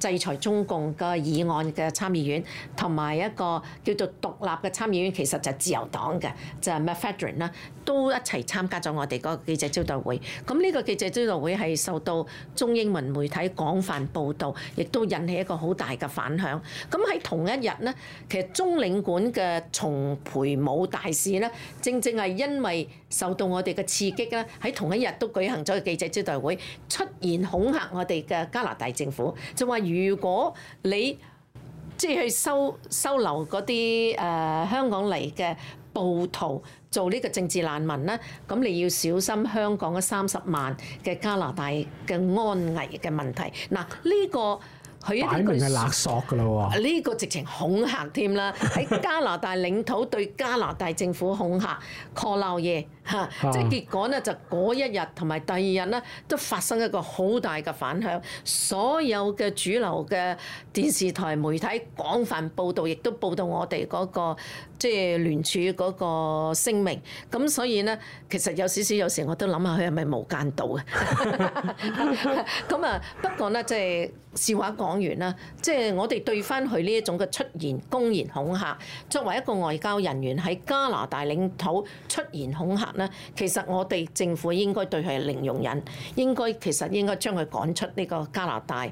制裁中共嘅議案嘅參議院，同埋一個叫做獨立嘅參議院，其實就自由黨嘅，就係、是、McFadden 啦，都一齊參加咗我哋個記者招待會，咁呢個記者招待會係受到中英文媒體廣泛報道，亦都引起一個好大嘅反響，咁喺同一日咧，其實中領館嘅馮培武大使咧，正正係因為。受到我哋嘅刺激咧，喺同一日都舉行咗個記者招待會，出現恐嚇我哋嘅加拿大政府，就話如果你即係去收收留嗰啲誒香港嚟嘅暴徒做呢個政治難民咧，咁你要小心香港嘅三十萬嘅加拿大嘅安危嘅問題。嗱呢個。佢一定係勒索㗎咯喎！呢、啊這個直情恐嚇添啦，喺 加拿大領土對加拿大政府恐嚇 call 鬧嘢嚇，即係 結果呢，就嗰一日同埋第二日呢，都發生一個好大嘅反響，所有嘅主流嘅電視台媒體廣泛報導，亦都報道我哋嗰、那個即係、就是、聯署嗰個聲明。咁所以呢，其實有少少有時我都諗下佢係咪無間道嘅？咁啊，不過呢，即係。笑話講完啦，即係我哋對翻佢呢一種嘅出現公然恐嚇，作為一個外交人員喺加拿大領土出現恐嚇咧，其實我哋政府應該對佢係零容忍，應該其實應該將佢趕出呢個加拿大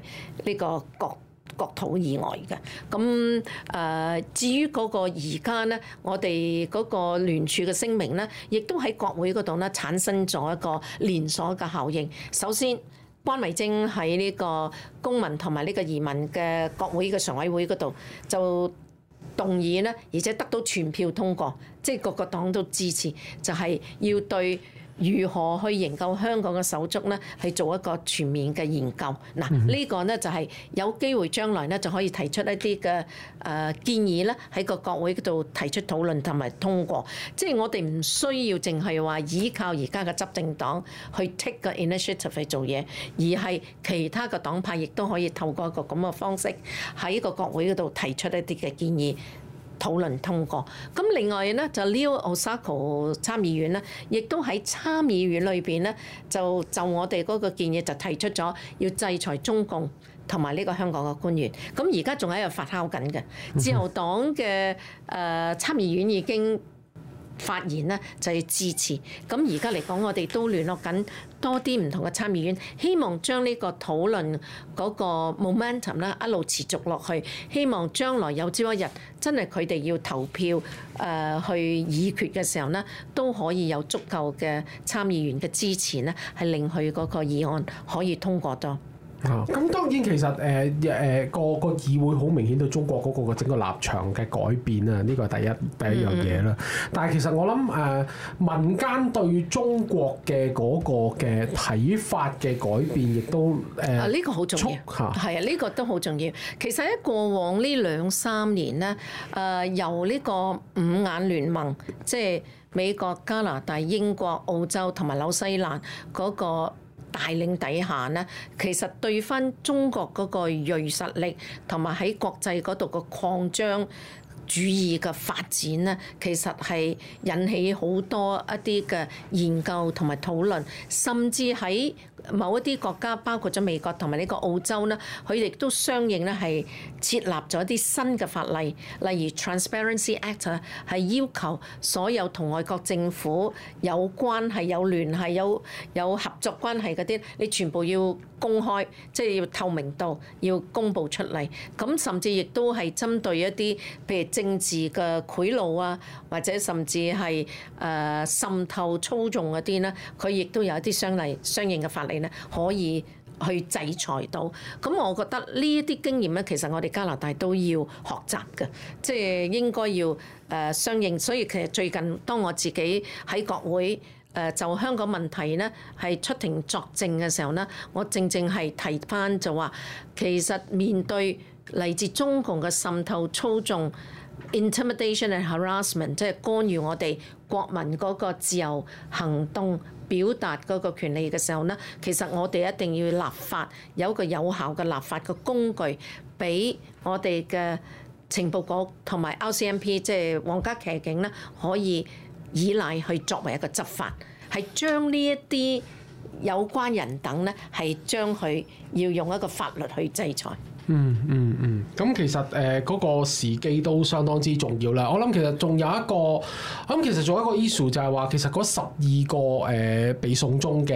呢個國國土以外嘅。咁誒、呃，至於嗰個而家咧，我哋嗰個聯署嘅聲明咧，亦都喺國會嗰度咧產生咗一個連鎖嘅效應，首先。關惠晶喺呢個公民同埋呢個移民嘅國會嘅常委會嗰度就動議，呢而且得到全票通過，即係各個黨都支持，就係要對。如何去研究香港嘅手足咧？去做一個全面嘅研究。嗱，呢個咧就係有機會將來咧就可以提出一啲嘅誒建議咧，喺個國會嗰度提出討論同埋通過，即係我哋唔需要淨係話依靠而家嘅執政黨去 take 個 initiative 去做嘢，而係其他嘅黨派亦都可以透過一個咁嘅方式喺個國會嗰度提出一啲嘅建議。討論通過。咁另外咧就 Leo Osako 參議院咧，亦都喺參議院裏邊咧，就就我哋嗰個建議就提出咗要制裁中共同埋呢個香港嘅官員。咁而家仲喺度發酵緊嘅自由黨嘅誒、呃、參議院已經發言呢，就要支持。咁而家嚟講，我哋都聯絡緊。多啲唔同嘅參議員，希望將呢個討論嗰個 momentum 咧一路持續落去，希望將來有朝一日真係佢哋要投票誒、呃、去議決嘅時候咧，都可以有足夠嘅參議員嘅支持咧，係令佢嗰個議案可以通過多。咁、哦、當然其實誒誒、呃呃、個個議會好明顯對中國嗰個整個立場嘅改變啊，呢個係第一第一樣嘢啦。嗯嗯，但係其實我諗誒、呃、民間對中國嘅嗰個嘅睇法嘅改變，亦都誒呢個好重要，係啊，呢、啊這個都好重要。其實喺過往呢兩三年咧，誒、呃、由呢個五眼聯盟，即、就、係、是、美國、加拿大、英國、澳洲同埋紐西蘭嗰、那個。大領底下呢，其實對翻中國嗰個銳實力，同埋喺國際嗰度個擴張主義嘅發展呢，其實係引起好多一啲嘅研究同埋討論，甚至喺，某一啲國家，包括咗美國同埋呢個澳洲咧，佢亦都相應咧係設立咗一啲新嘅法例，例如 Transparency Act 係要求所有同外國政府有關係、有聯繫、有有合作關係嗰啲，你全部要公開，即係要透明度，要公佈出嚟。咁甚至亦都係針對一啲譬如政治嘅賄賂啊，或者甚至係誒滲透、操縱嗰啲咧，佢亦都有一啲相例、相應嘅法例。可以去制裁到，咁我覺得呢一啲經驗咧，其實我哋加拿大都要學習嘅，即係應該要誒相應。所以其實最近當我自己喺國會誒就香港問題呢，係出庭作證嘅時候呢，我正正係提翻就話，其實面對嚟自中共嘅滲透、操縱、intimidation and harassment，即係干預我哋國民嗰個自由行動。表達嗰個權利嘅時候咧，其實我哋一定要立法，有一個有效嘅立法嘅工具，俾我哋嘅情報局同埋 RCMP，即係皇家騎警咧，可以依賴去作為一個執法，係將呢一啲有關人等咧，係將佢要用一個法律去制裁。嗯嗯、mm hmm. 嗯，咁、嗯嗯、其實誒、呃那個時機都相當之重要啦。我諗其實仲有一個，咁其實仲有一個 issue 就係話其實嗰十二個誒被送中嘅誒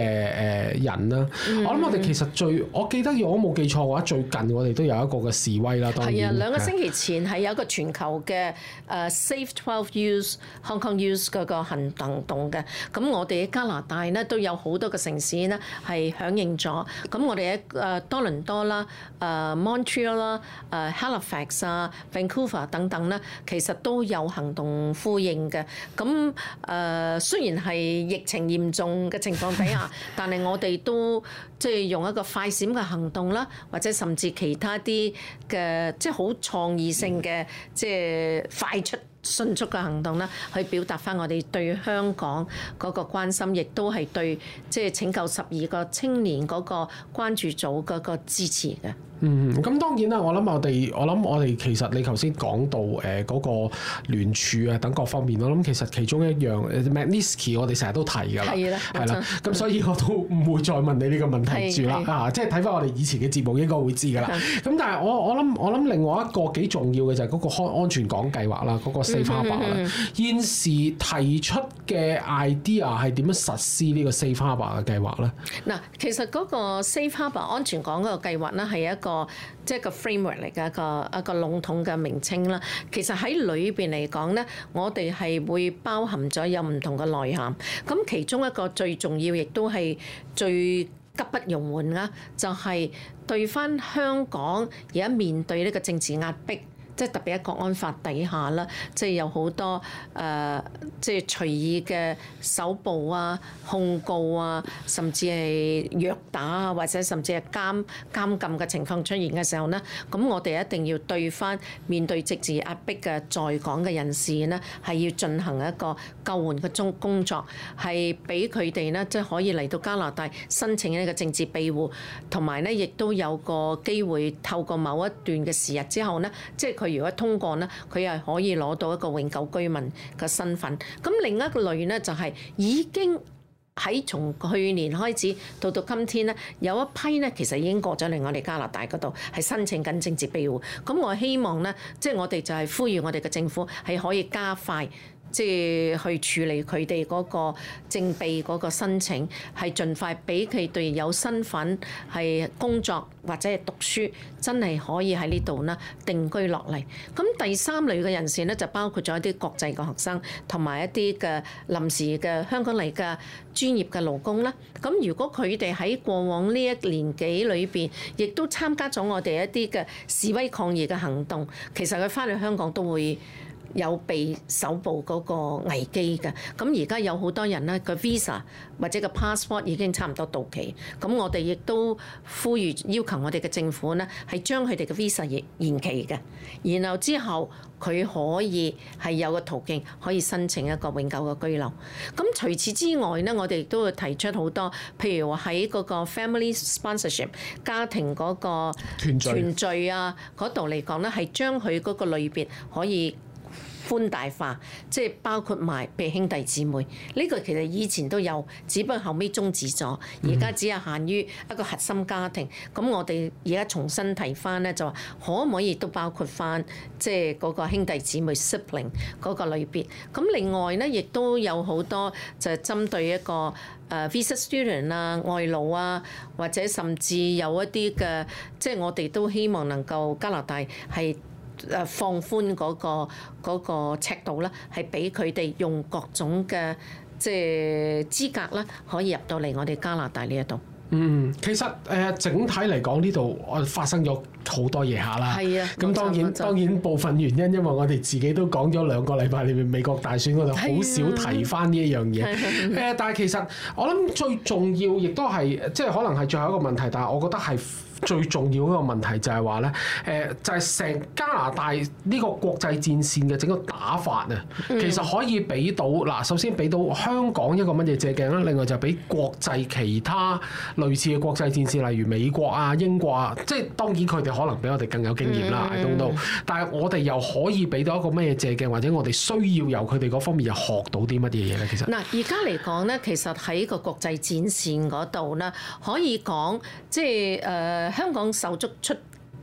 人啦。Mm hmm. 我諗我哋其實最，我記得如果冇記錯嘅話最近我哋都有一個嘅示威啦。係啊，兩個星期前係有一個全球嘅誒、uh, Save Twelve Use Hong Kong Use 個個行動動嘅。咁我哋喺加拿大咧都有好多個城市咧係響應咗。咁我哋喺誒多倫多啦，誒、呃。Mon 啦、誒 Halifax 啊、Vancouver 等等咧，其實都有行動呼應嘅。咁誒、呃、雖然係疫情嚴重嘅情況底下， 但係我哋都即係用一個快閃嘅行動啦，或者甚至其他啲嘅即係好創意性嘅，即係快出。迅速嘅行動啦，去表達翻我哋對香港嗰個關心，亦都係對即係拯救十二個青年嗰個關注組嗰個支持嘅。嗯，咁當然啦，我諗我哋，我諗我哋其實你頭先講到誒嗰個聯署啊等各方面，我諗其實其中一樣，Magnitsky 我哋成日都提㗎。係啦，係啦。咁所以我都唔會再問你呢個問題住啦。啊，即係睇翻我哋以前嘅節目應該會知㗎啦。咁但係我我諗我諗另外一個幾重要嘅就係嗰個安全港計劃啦，嗰個 safe harbor、嗯嗯、現時提出嘅 idea 係點樣實施呢個 safe harbor 嘅計劃呢？嗱，其實嗰個 safe harbor 安全港嗰個計劃呢，係一個即係、就是、個 framework 嚟嘅，一個一個籠統嘅名稱啦。其實喺裏邊嚟講呢，我哋係會包含咗有唔同嘅內涵。咁其中一個最重要，亦都係最急不容緩啦，就係、是、對翻香港而家面對呢個政治壓迫。即係特別喺國安法底下啦，即係有好多誒、即係隨意嘅搜捕啊、控告啊，甚至係虐打啊，或者甚至係監監禁嘅情況出現嘅時候咧，咁我哋一定要對翻面對政治壓迫嘅在港嘅人士咧，係要進行一個救援嘅中工作，係俾佢哋咧即係可以嚟到加拿大申請一個政治庇護，同埋咧亦都有個機會透過某一段嘅時日之後咧，即係。佢如果通過咧，佢又可以攞到一個永久居民嘅身份。咁另一個類咧，就係已經喺從去年開始到到今天咧，有一批咧其實已經過咗嚟我哋加拿大嗰度，係申請緊政治庇護。咁我希望咧，即係我哋就係呼籲我哋嘅政府係可以加快。即係去處理佢哋嗰個政庇嗰個申請，係盡快俾佢哋有身份，係工作或者係讀書，真係可以喺呢度呢定居落嚟。咁第三類嘅人士呢，就包括咗一啲國際嘅學生，同埋一啲嘅臨時嘅香港嚟嘅專業嘅勞工啦。咁如果佢哋喺過往呢一年幾裏邊，亦都參加咗我哋一啲嘅示威抗議嘅行動，其實佢返去香港都會。有被首部嗰個危機嘅咁，而家有好多人咧，個 visa 或者個 passport 已經差唔多到期。咁我哋亦都呼籲要求我哋嘅政府咧，係將佢哋嘅 visa 延延期嘅，然後之後，佢可以係有個途徑可以申請一個永久嘅居留。咁除此之外咧，我哋亦都會提出好多，譬如話喺嗰個 family sponsorship 家庭嗰個團聚、團聚啊嗰度嚟講咧，係將佢嗰個類別可以寬大化，即係包括埋畀兄弟姊妹，呢個其實以前都有，只不過後尾中止咗。而家只有限於一個核心家庭。咁、嗯、我哋而家重新提翻咧，就話可唔可以都包括翻，即係嗰個兄弟姊妹 sibling 嗰個類別。咁另外咧，亦都有好多就針對一個誒 visa student 啊、外勞啊，或者甚至有一啲嘅，即係我哋都希望能夠加拿大係。誒放寬嗰個嗰個尺度啦，係俾佢哋用各種嘅即係資格啦，可以入到嚟我哋加拿大呢一度。嗯，其實誒、呃、整體嚟講呢度我發生咗，好多嘢下啦，咁的當然不差不差，當然部分原因，因為我哋自己都講咗兩個禮拜裏面美國大選，我就好少提翻呢一樣嘢。誒是的， 但係其實我諗最重要，亦都係即係可能係最後一個問題，但係我覺得係最重要一個問題就係話咧，誒、 呃、就係、是、成加拿大呢個國際戰線嘅整個打法啊，其實可以俾到嗱，首先俾到香港一個乜嘢借鏡啦，另外就俾國際其他類似嘅國際戰線，例如美國啊、英國啊，即係當然佢哋。可能比我哋更有經驗啦 i p o n e 都。Mm. 但係我哋又可以俾到一個咩借鏡，或者我哋需要由佢哋嗰方面又學到啲乜嘢嘢咧？其實嗱，而家嚟講咧，其實喺個國際戰線嗰度咧，可以講即係誒香港手足出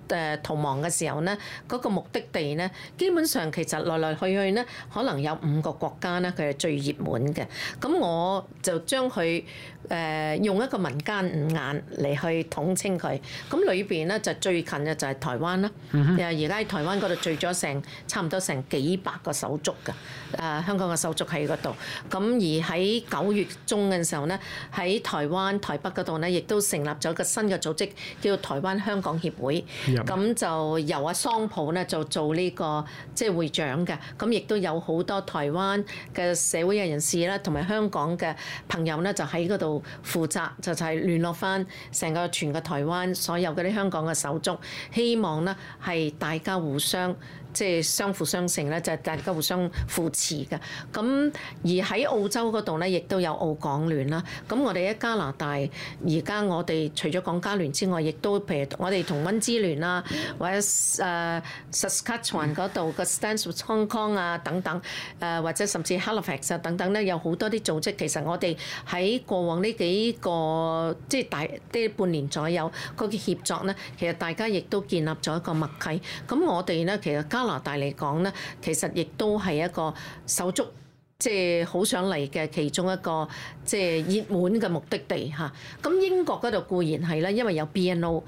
誒逃亡嘅時候咧，嗰、嗰個目的地咧，基本上其實來來去去咧，可能有五個國家咧，佢係最熱門嘅。咁我就將佢。誒、呃、用一個民間五眼嚟去統稱佢，咁裏邊咧就最近嘅就係台灣啦，又而家台灣嗰度聚咗成差唔多成幾百個手足嘅，誒、呃、香港嘅手足喺嗰度。咁而喺九月中嘅時候咧，喺台灣台北嗰度咧，亦都成立咗個新嘅組織，叫做台灣香港協會。咁、uh huh. 就由阿、啊、桑普咧就做呢、這個即係、就是、會長嘅。咁亦都有好多台灣嘅社會嘅人士啦，同埋香港嘅朋友咧，就喺嗰度。負責就就係聯絡翻成個全個台灣所有嗰啲香港嘅手足，希望咧係大家互相。即係相輔相成咧，就係、是、大家互相扶持嘅。咁而喺澳洲嗰度咧，亦都有澳港聯啦。咁我哋喺加拿大，而家我哋除咗港加聯之外，亦都譬如我哋同温之聯啦，或者誒、uh, Saskatchewan 度嘅 Stand with Hong Kong 啊，等等，誒、呃、或者甚至 Halifax、啊、等等咧，有好多啲組織。其實我哋喺過往呢幾個即係大啲半年左右，那個協作咧，其實大家亦都建立咗一個默契。咁我哋咧，其實。加拿大嚟講咧，其實亦都係一個手足即係好想嚟嘅其中一個即係、就是、熱門嘅目的地嚇。咁、啊、英國嗰度固然係啦，因為有 BNO，BNO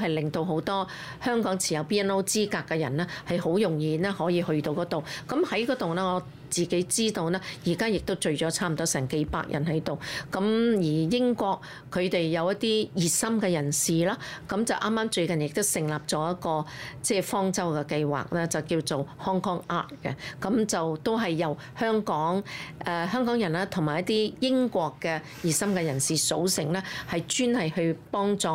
係、NO、令到好多香港持有 BNO 資格嘅人咧係好容易咧可以去到嗰度。咁喺嗰度咧，我自己知道咧，而家亦都聚咗差唔多成幾百人喺度。咁而英國佢哋有一啲熱心嘅人士啦，咁就啱啱最近亦都成立咗一個即係方舟嘅計劃咧，就叫做 Hong Kong ARK 嘅。咁就都係由香港誒香港人啦，同埋一啲英國嘅熱心嘅人士組成咧，係專係去幫助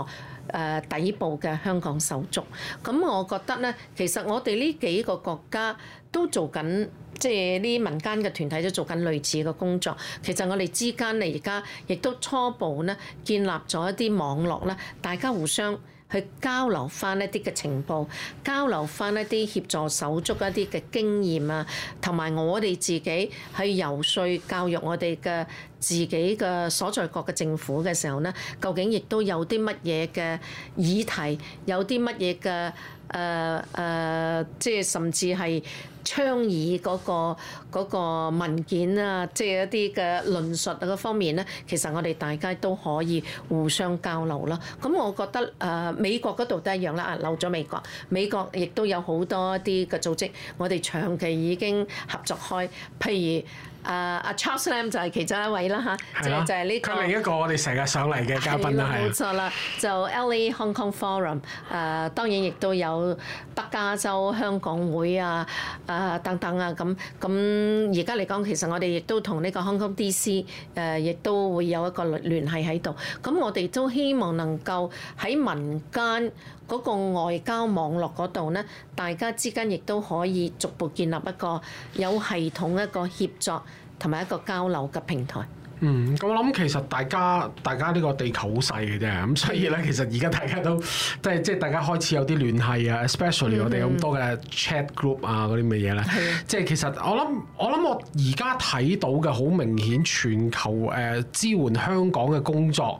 誒底部嘅香港手足。咁我覺得咧，其實我哋呢幾個國家。都做緊，即係啲民間嘅團體都做緊類似嘅工作。其實我哋之間咧，而家亦都初步咧建立咗一啲網絡啦，大家互相去交流返一啲嘅情報，交流返一啲協助手足一啲嘅經驗啊，同埋我哋自己去游說教育我哋嘅自己嘅所在國嘅政府嘅時候咧，究竟亦都有啲乜嘢嘅議題，有啲乜嘢嘅誒誒，即係甚至係。倡議嗰個嗰個文件啊，即係一啲嘅論述嗰方面咧，其實我哋大家都可以互相交流啦。咁我覺得誒美國嗰度都一樣啦。啊，漏咗美國，美國亦都有好多啲嘅組織，我哋長期已經合作開。譬如誒阿、uh, Charles 咧就係其中一位啦嚇，即係就係呢、這個佢另一個我哋成日上嚟嘅嘉賓啦，係冇錯啦，就 LA Hong Kong Forum 誒、呃，當然亦都有北加州香港會啊誒、呃、等等啊，咁咁而家嚟講，其實我哋亦都同呢個 Hong Kong DC 誒、呃，亦都會有一個聯聯繫喺度，咁我哋都希望能夠喺民間。嗰個外交網絡嗰度咧，大家之間亦都可以逐步建立一個有系統、一個協作同埋一個交流嘅平台。嗯，咁我諗其實大家大家呢個地球好細嘅啫，咁所以咧其實而家大家都即係即係大家開始有啲聯繫啊，especially 我哋有咁多嘅 chat group 啊嗰啲乜嘢咧，即係是的 其實我諗我諗我而家睇到嘅好明顯全球誒、呃、支援香港嘅工作，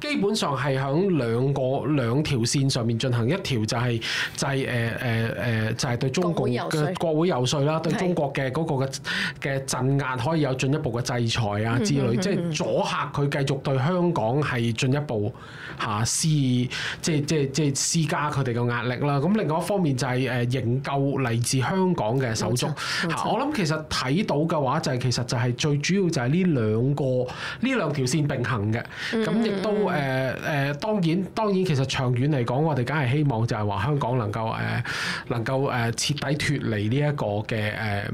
基本上係響兩個兩條線上面進行，一條就係、是、就係誒誒誒就係、是、對中共嘅國會遊說啦，對中國嘅個嘅嘅鎮壓可以有進一步嘅制裁啊之類。是的 嗯嗯即係阻嚇佢繼續對香港係進一步吓施，啊，即係即係即係施加佢哋嘅壓力啦。咁，啊、另外一方面就係誒營救嚟自香港嘅手足。吓， 啊，我諗，其實睇到嘅話就係、是，其實就係最主要就係呢兩個呢兩條線並行嘅。咁亦都誒誒，啊啊，當然當然其實長遠嚟講我哋梗係希望就係話香港能夠誒，啊、能夠誒徹底脫離呢一個嘅誒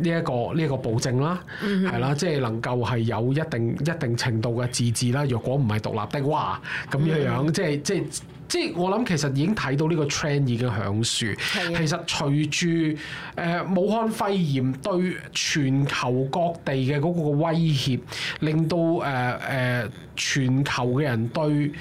呢一個呢一個、uh, 這個這個這個暴政啦。係啦，即係能夠係有一定一定程度嘅自治啦，若果唔係獨立的話，咁樣樣 即係即係即係我諗其實已經睇到呢個 trend 已經響樹，是的 其實隨住誒武漢肺炎對全球各地嘅嗰個威脅令到誒誒、呃、全球嘅人對。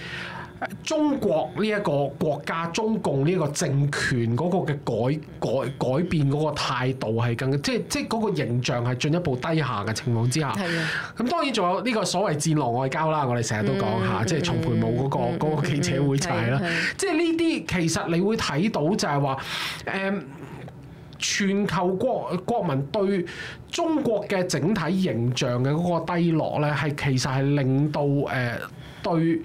中國呢一個國家、中共呢一個政權嗰個嘅改改改變嗰個態度係更加即係即係嗰個形象係進一步低下嘅情況之下，咁是的 當然仲有呢個所謂戰狼外交啦，我哋成日都講下，嗯、即係從培武嗰、嗰個嗰、嗯、記者會就係啦，即係呢啲其實你會睇到就係話誒全球國國民對中國嘅整體形象嘅嗰個低落咧，係其實係令到誒。呃對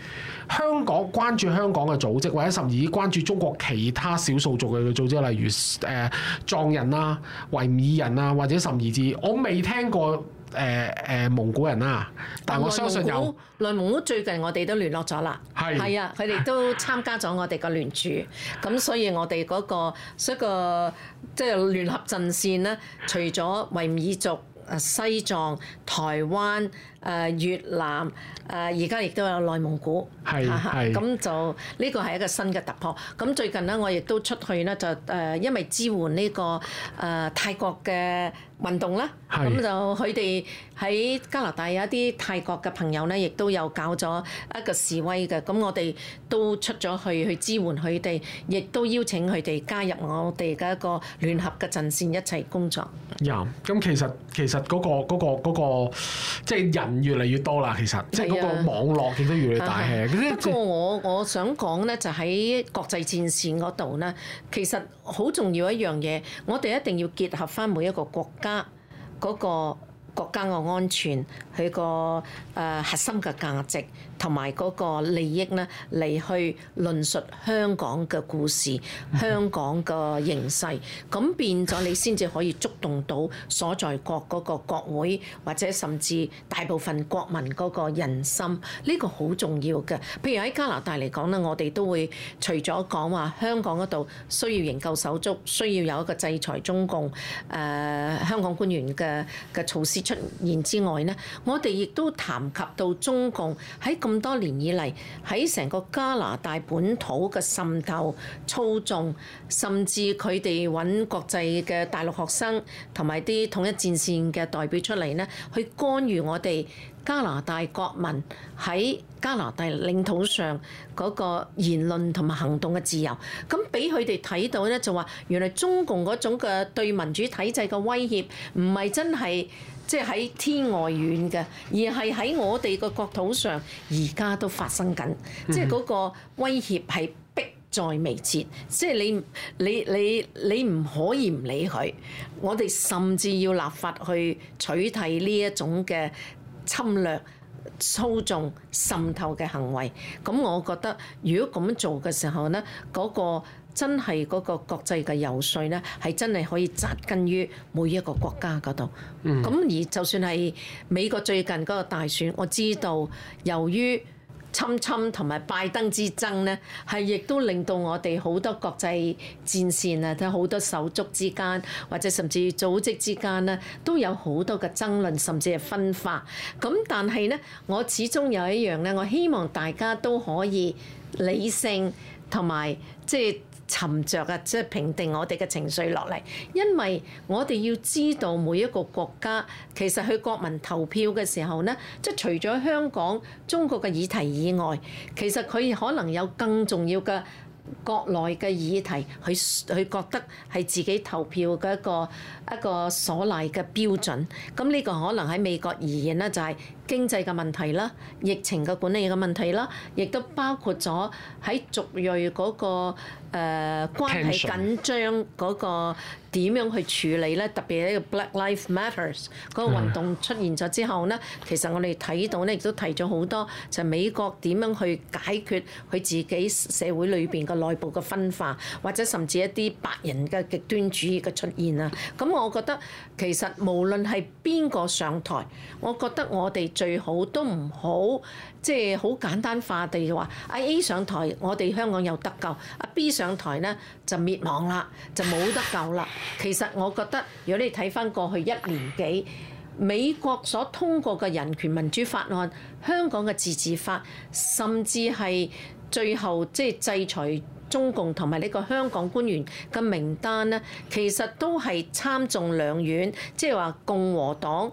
香港關注香港嘅組織，或者甚至以關注中國其他少數族嘅嘅組織，例如誒、呃、藏人啊、維吾爾人啊，或者甚至，我未聽過誒誒、呃呃、蒙古人啊，但我相信有內蒙，內蒙古最近我哋都聯絡咗啦，係是啊，佢哋都參加咗我哋嘅聯署，咁 所以我哋嗰、那個一、那個即係、就是、聯合陣線咧，除咗維吾爾族、啊西藏、台灣。誒、呃、越南，誒而家亦都有內蒙古，係係，咁就呢個係一個新嘅突破。咁最近呢，我亦都出去呢，就誒、呃、因為支援呢、這個誒、呃、泰國嘅運動啦。咁是就佢哋喺加拿大有一啲泰國嘅朋友呢，亦都有搞咗一個示威嘅。咁我哋都出咗去去支援佢哋，亦都邀請佢哋加入我哋嘅一個聯合嘅陣線一齊工作。咁其實其實嗰、嗰個嗰、嗰個嗰、嗰個即係、嗰個即係、人。越嚟越多啦，其實，啊、即係嗰個網絡亦都越嚟越大，啊、係，不過我我想講咧，就喺國際戰線嗰度咧，其實好重要一樣嘢，我哋一定要結合返每一個國家嗰，嗰個國家嘅安全佢個誒核心嘅價值。同埋嗰個利益咧，嚟去論述香港嘅故事、香港嘅形勢，咁變咗你先至可以觸動到所在國嗰個國會或者甚至大部分國民嗰個人心，呢、這個好重要嘅。譬如喺加拿大嚟講咧，我哋都會除咗講話香港嗰度需要營救手足，需要有一個制裁中共、誒、呃、香港官員嘅嘅措施出現之外咧，我哋亦都談及到中共喺咁。咁多年以嚟，喺成個加拿大本土嘅滲透、操縱，甚至佢哋揾國際嘅大陸學生同埋啲統一戰線嘅代表出嚟呢，去干預我哋加拿大國民喺加拿大領土上嗰個言論同埋行動嘅自由。咁俾佢哋睇到呢，就話原來中共嗰種嘅對民主體制嘅威脅，唔係真係，即係喺天外遠嘅，而係喺我哋嘅國土上，而家都發生緊，即係嗰個威脅係迫在眉睫。即係你你你你唔可以唔理佢，我哋甚至要立法去取締呢一種嘅侵略、操縱、滲透嘅行為。咁我覺得，如果咁樣做嘅時候咧，嗰、嗰個真係嗰個國際嘅游説呢，係真係可以扎根於每一個國家嗰度。咁、嗯、而就算係美國最近嗰個大選，我知道由於侵侵同埋拜登之爭呢，係亦都令到我哋好多國際戰線啊，好多手足之間或者甚至組織之間呢，都有好多嘅爭論，甚至係分化。咁但係呢，我始終有一樣呢，我希望大家都可以理性同埋即係。沉着啊，即係平定我哋嘅情緒落嚟，因為我哋要知道每一個國家其實去國民投票嘅時候呢，即係除咗香港中國嘅議題以外，其實佢可能有更重要嘅。國內嘅議題，佢佢覺得係自己投票嘅一個一個所謂嘅標準。咁呢個可能喺美國而言咧，就係經濟嘅問題啦、疫情嘅管理嘅問題啦，亦都包括咗喺族裔嗰個誒、呃、關係緊張嗰、嗰個。點樣去處理咧？特別係呢個 Black Lives Matters 嗰個運動出現咗之後咧，其實我哋睇到咧，亦都提咗好多，就美國點樣去解決佢自己社會裏邊嘅內部嘅分化，或者甚至一啲白人嘅極端主義嘅出現啊。咁我覺得其實無論係邊個上台，我覺得我哋最好都唔好。即係好簡單化地話，阿 A 上台，我哋香港有得救；阿 B 上台呢，就滅亡啦，就冇得救啦。其實我覺得，如果你睇翻過去一年幾，美國所通過嘅人權民主法案、香港嘅自治法，甚至係最後即係制裁中共同埋呢個香港官員嘅名單呢，其實都係參眾兩院，即係話共和黨。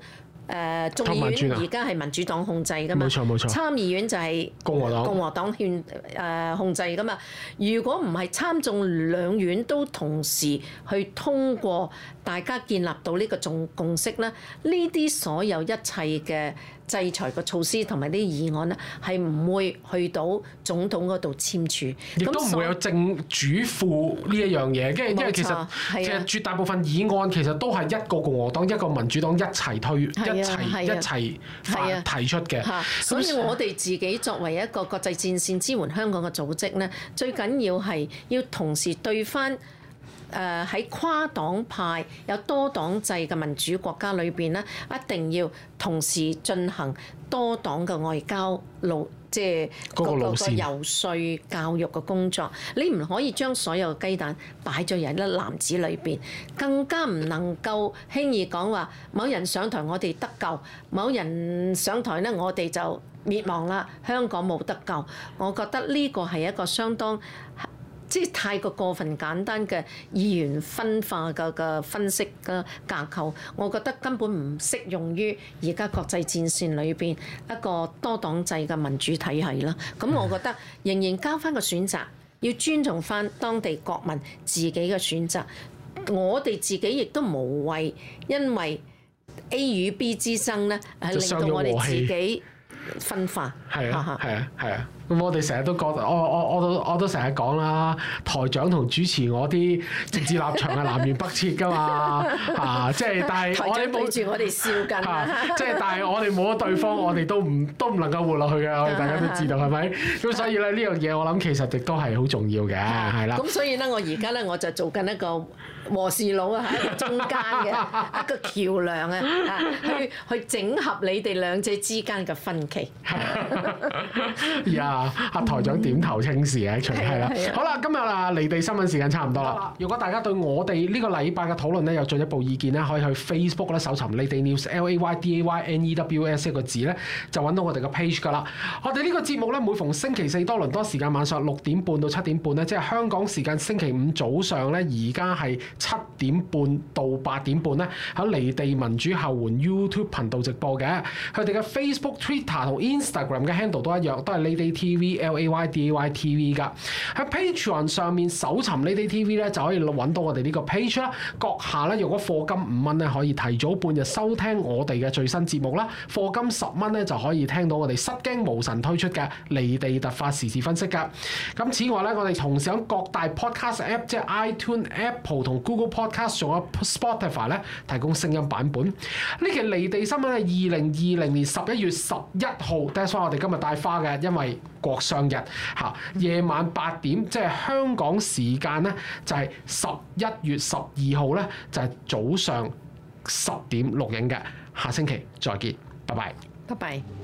誒，呃，眾議院而家係民主黨控制㗎嘛，冇錯，冇錯，參議院就係共和黨，共和黨牽誒控制㗎嘛。如果唔係參眾兩院都同時去通過，大家建立到呢個共共識咧，呢啲所有一切嘅制裁嘅措施同埋啲議案呢，係唔會去到總統嗰度簽署，亦都唔會有正主副呢一樣嘢。跟住冇錯，因為其實、啊、其實絕大部分議案其實都係一個共和黨、啊、一個民主黨一齊推一齊一齊發、啊、提出嘅。所以我哋自己作為一個國際戰線支援香港嘅組織呢，最緊要係要同時對翻。誒喺跨黨派有多黨制嘅民主國家裏邊咧，一定要同時進行多黨嘅外交路，即係個個遊説教育嘅工作。你唔可以將所有雞蛋擺咗入一粒籃子裏邊，更加唔能夠輕易講話某人上台我哋得救，某人上台咧我哋就滅亡啦。香港冇得救，我覺得呢個係一個相當。即係太過過分簡單嘅二元分化嘅嘅分析嘅架構，我覺得根本唔適用於而家國際戰線裏邊一個多黨制嘅民主體系啦。咁我覺得仍然交返個選擇，要尊重返當地國民自己嘅選擇。我哋自己亦都無謂因為 A 與 B 之爭呢，係令到我哋自己。分化係啊係啊係啊！咁、啊啊、我哋成日都覺得，我我我，我都我都成日講啦，台長同主持我啲政治立場係南轅北轍噶嘛， 啊！即、就、係、是、但係，我哋保持我哋笑緊，即係但係我哋冇咗對方，嗯、我哋都唔都唔能夠活落去嘅，我哋大家都知道係咪？咁所以咧、啊、呢樣嘢，我諗其實亦都係好重要嘅，係啦。咁所以咧，我而家咧我就做緊一個。和事佬啊，係一個中間嘅、啊、 一個橋梁啊，去去整合你哋兩者之間嘅分歧。呀，阿台長點頭稱是嘅、啊，係啦、啊。好啦，今日啊離地新聞時間差唔多啦。如果大家對我哋呢個禮拜嘅討論咧有進一步意見咧，可以去 Facebook 咧搜尋離地 News L A Y D A Y N E W S 一、這個字咧，就揾到我哋個 page 㗎啦。我哋呢個節目咧，每逢星期四多倫多時間晚上六點半到七點半咧，即係香港時間星期五早上咧，而家係。七點半到八點半咧，喺離地民主後援 YouTube 頻道直播嘅。佢哋嘅 Facebook、Twitter 同 Instagram 嘅 handle 都一樣，都係 LadyTV，LAYDAYTV 噶。喺 Patreon 上面搜尋 LadyTV 咧，就可以揾到我哋呢個 page 啦。閣下咧如果課金五蚊咧，可以提早半日收聽我哋嘅最新節目啦。課金十蚊咧，就可以聽到我哋失驚無神推出嘅離地突發時事分析噶。咁此外咧，我哋同時喺各大 Podcast app，即係 iTune、Apple 同。Google Podcast 仲有 Spotify 咧，提供聲音版本。呢期離地新聞係二零二零年十一月十一號，That's why 我哋今日帶花嘅，因為國殤日嚇。夜晚八點即係香港時間咧，就係十一月十二號咧，就係早上十點錄影嘅。下星期再見，拜拜。拜拜。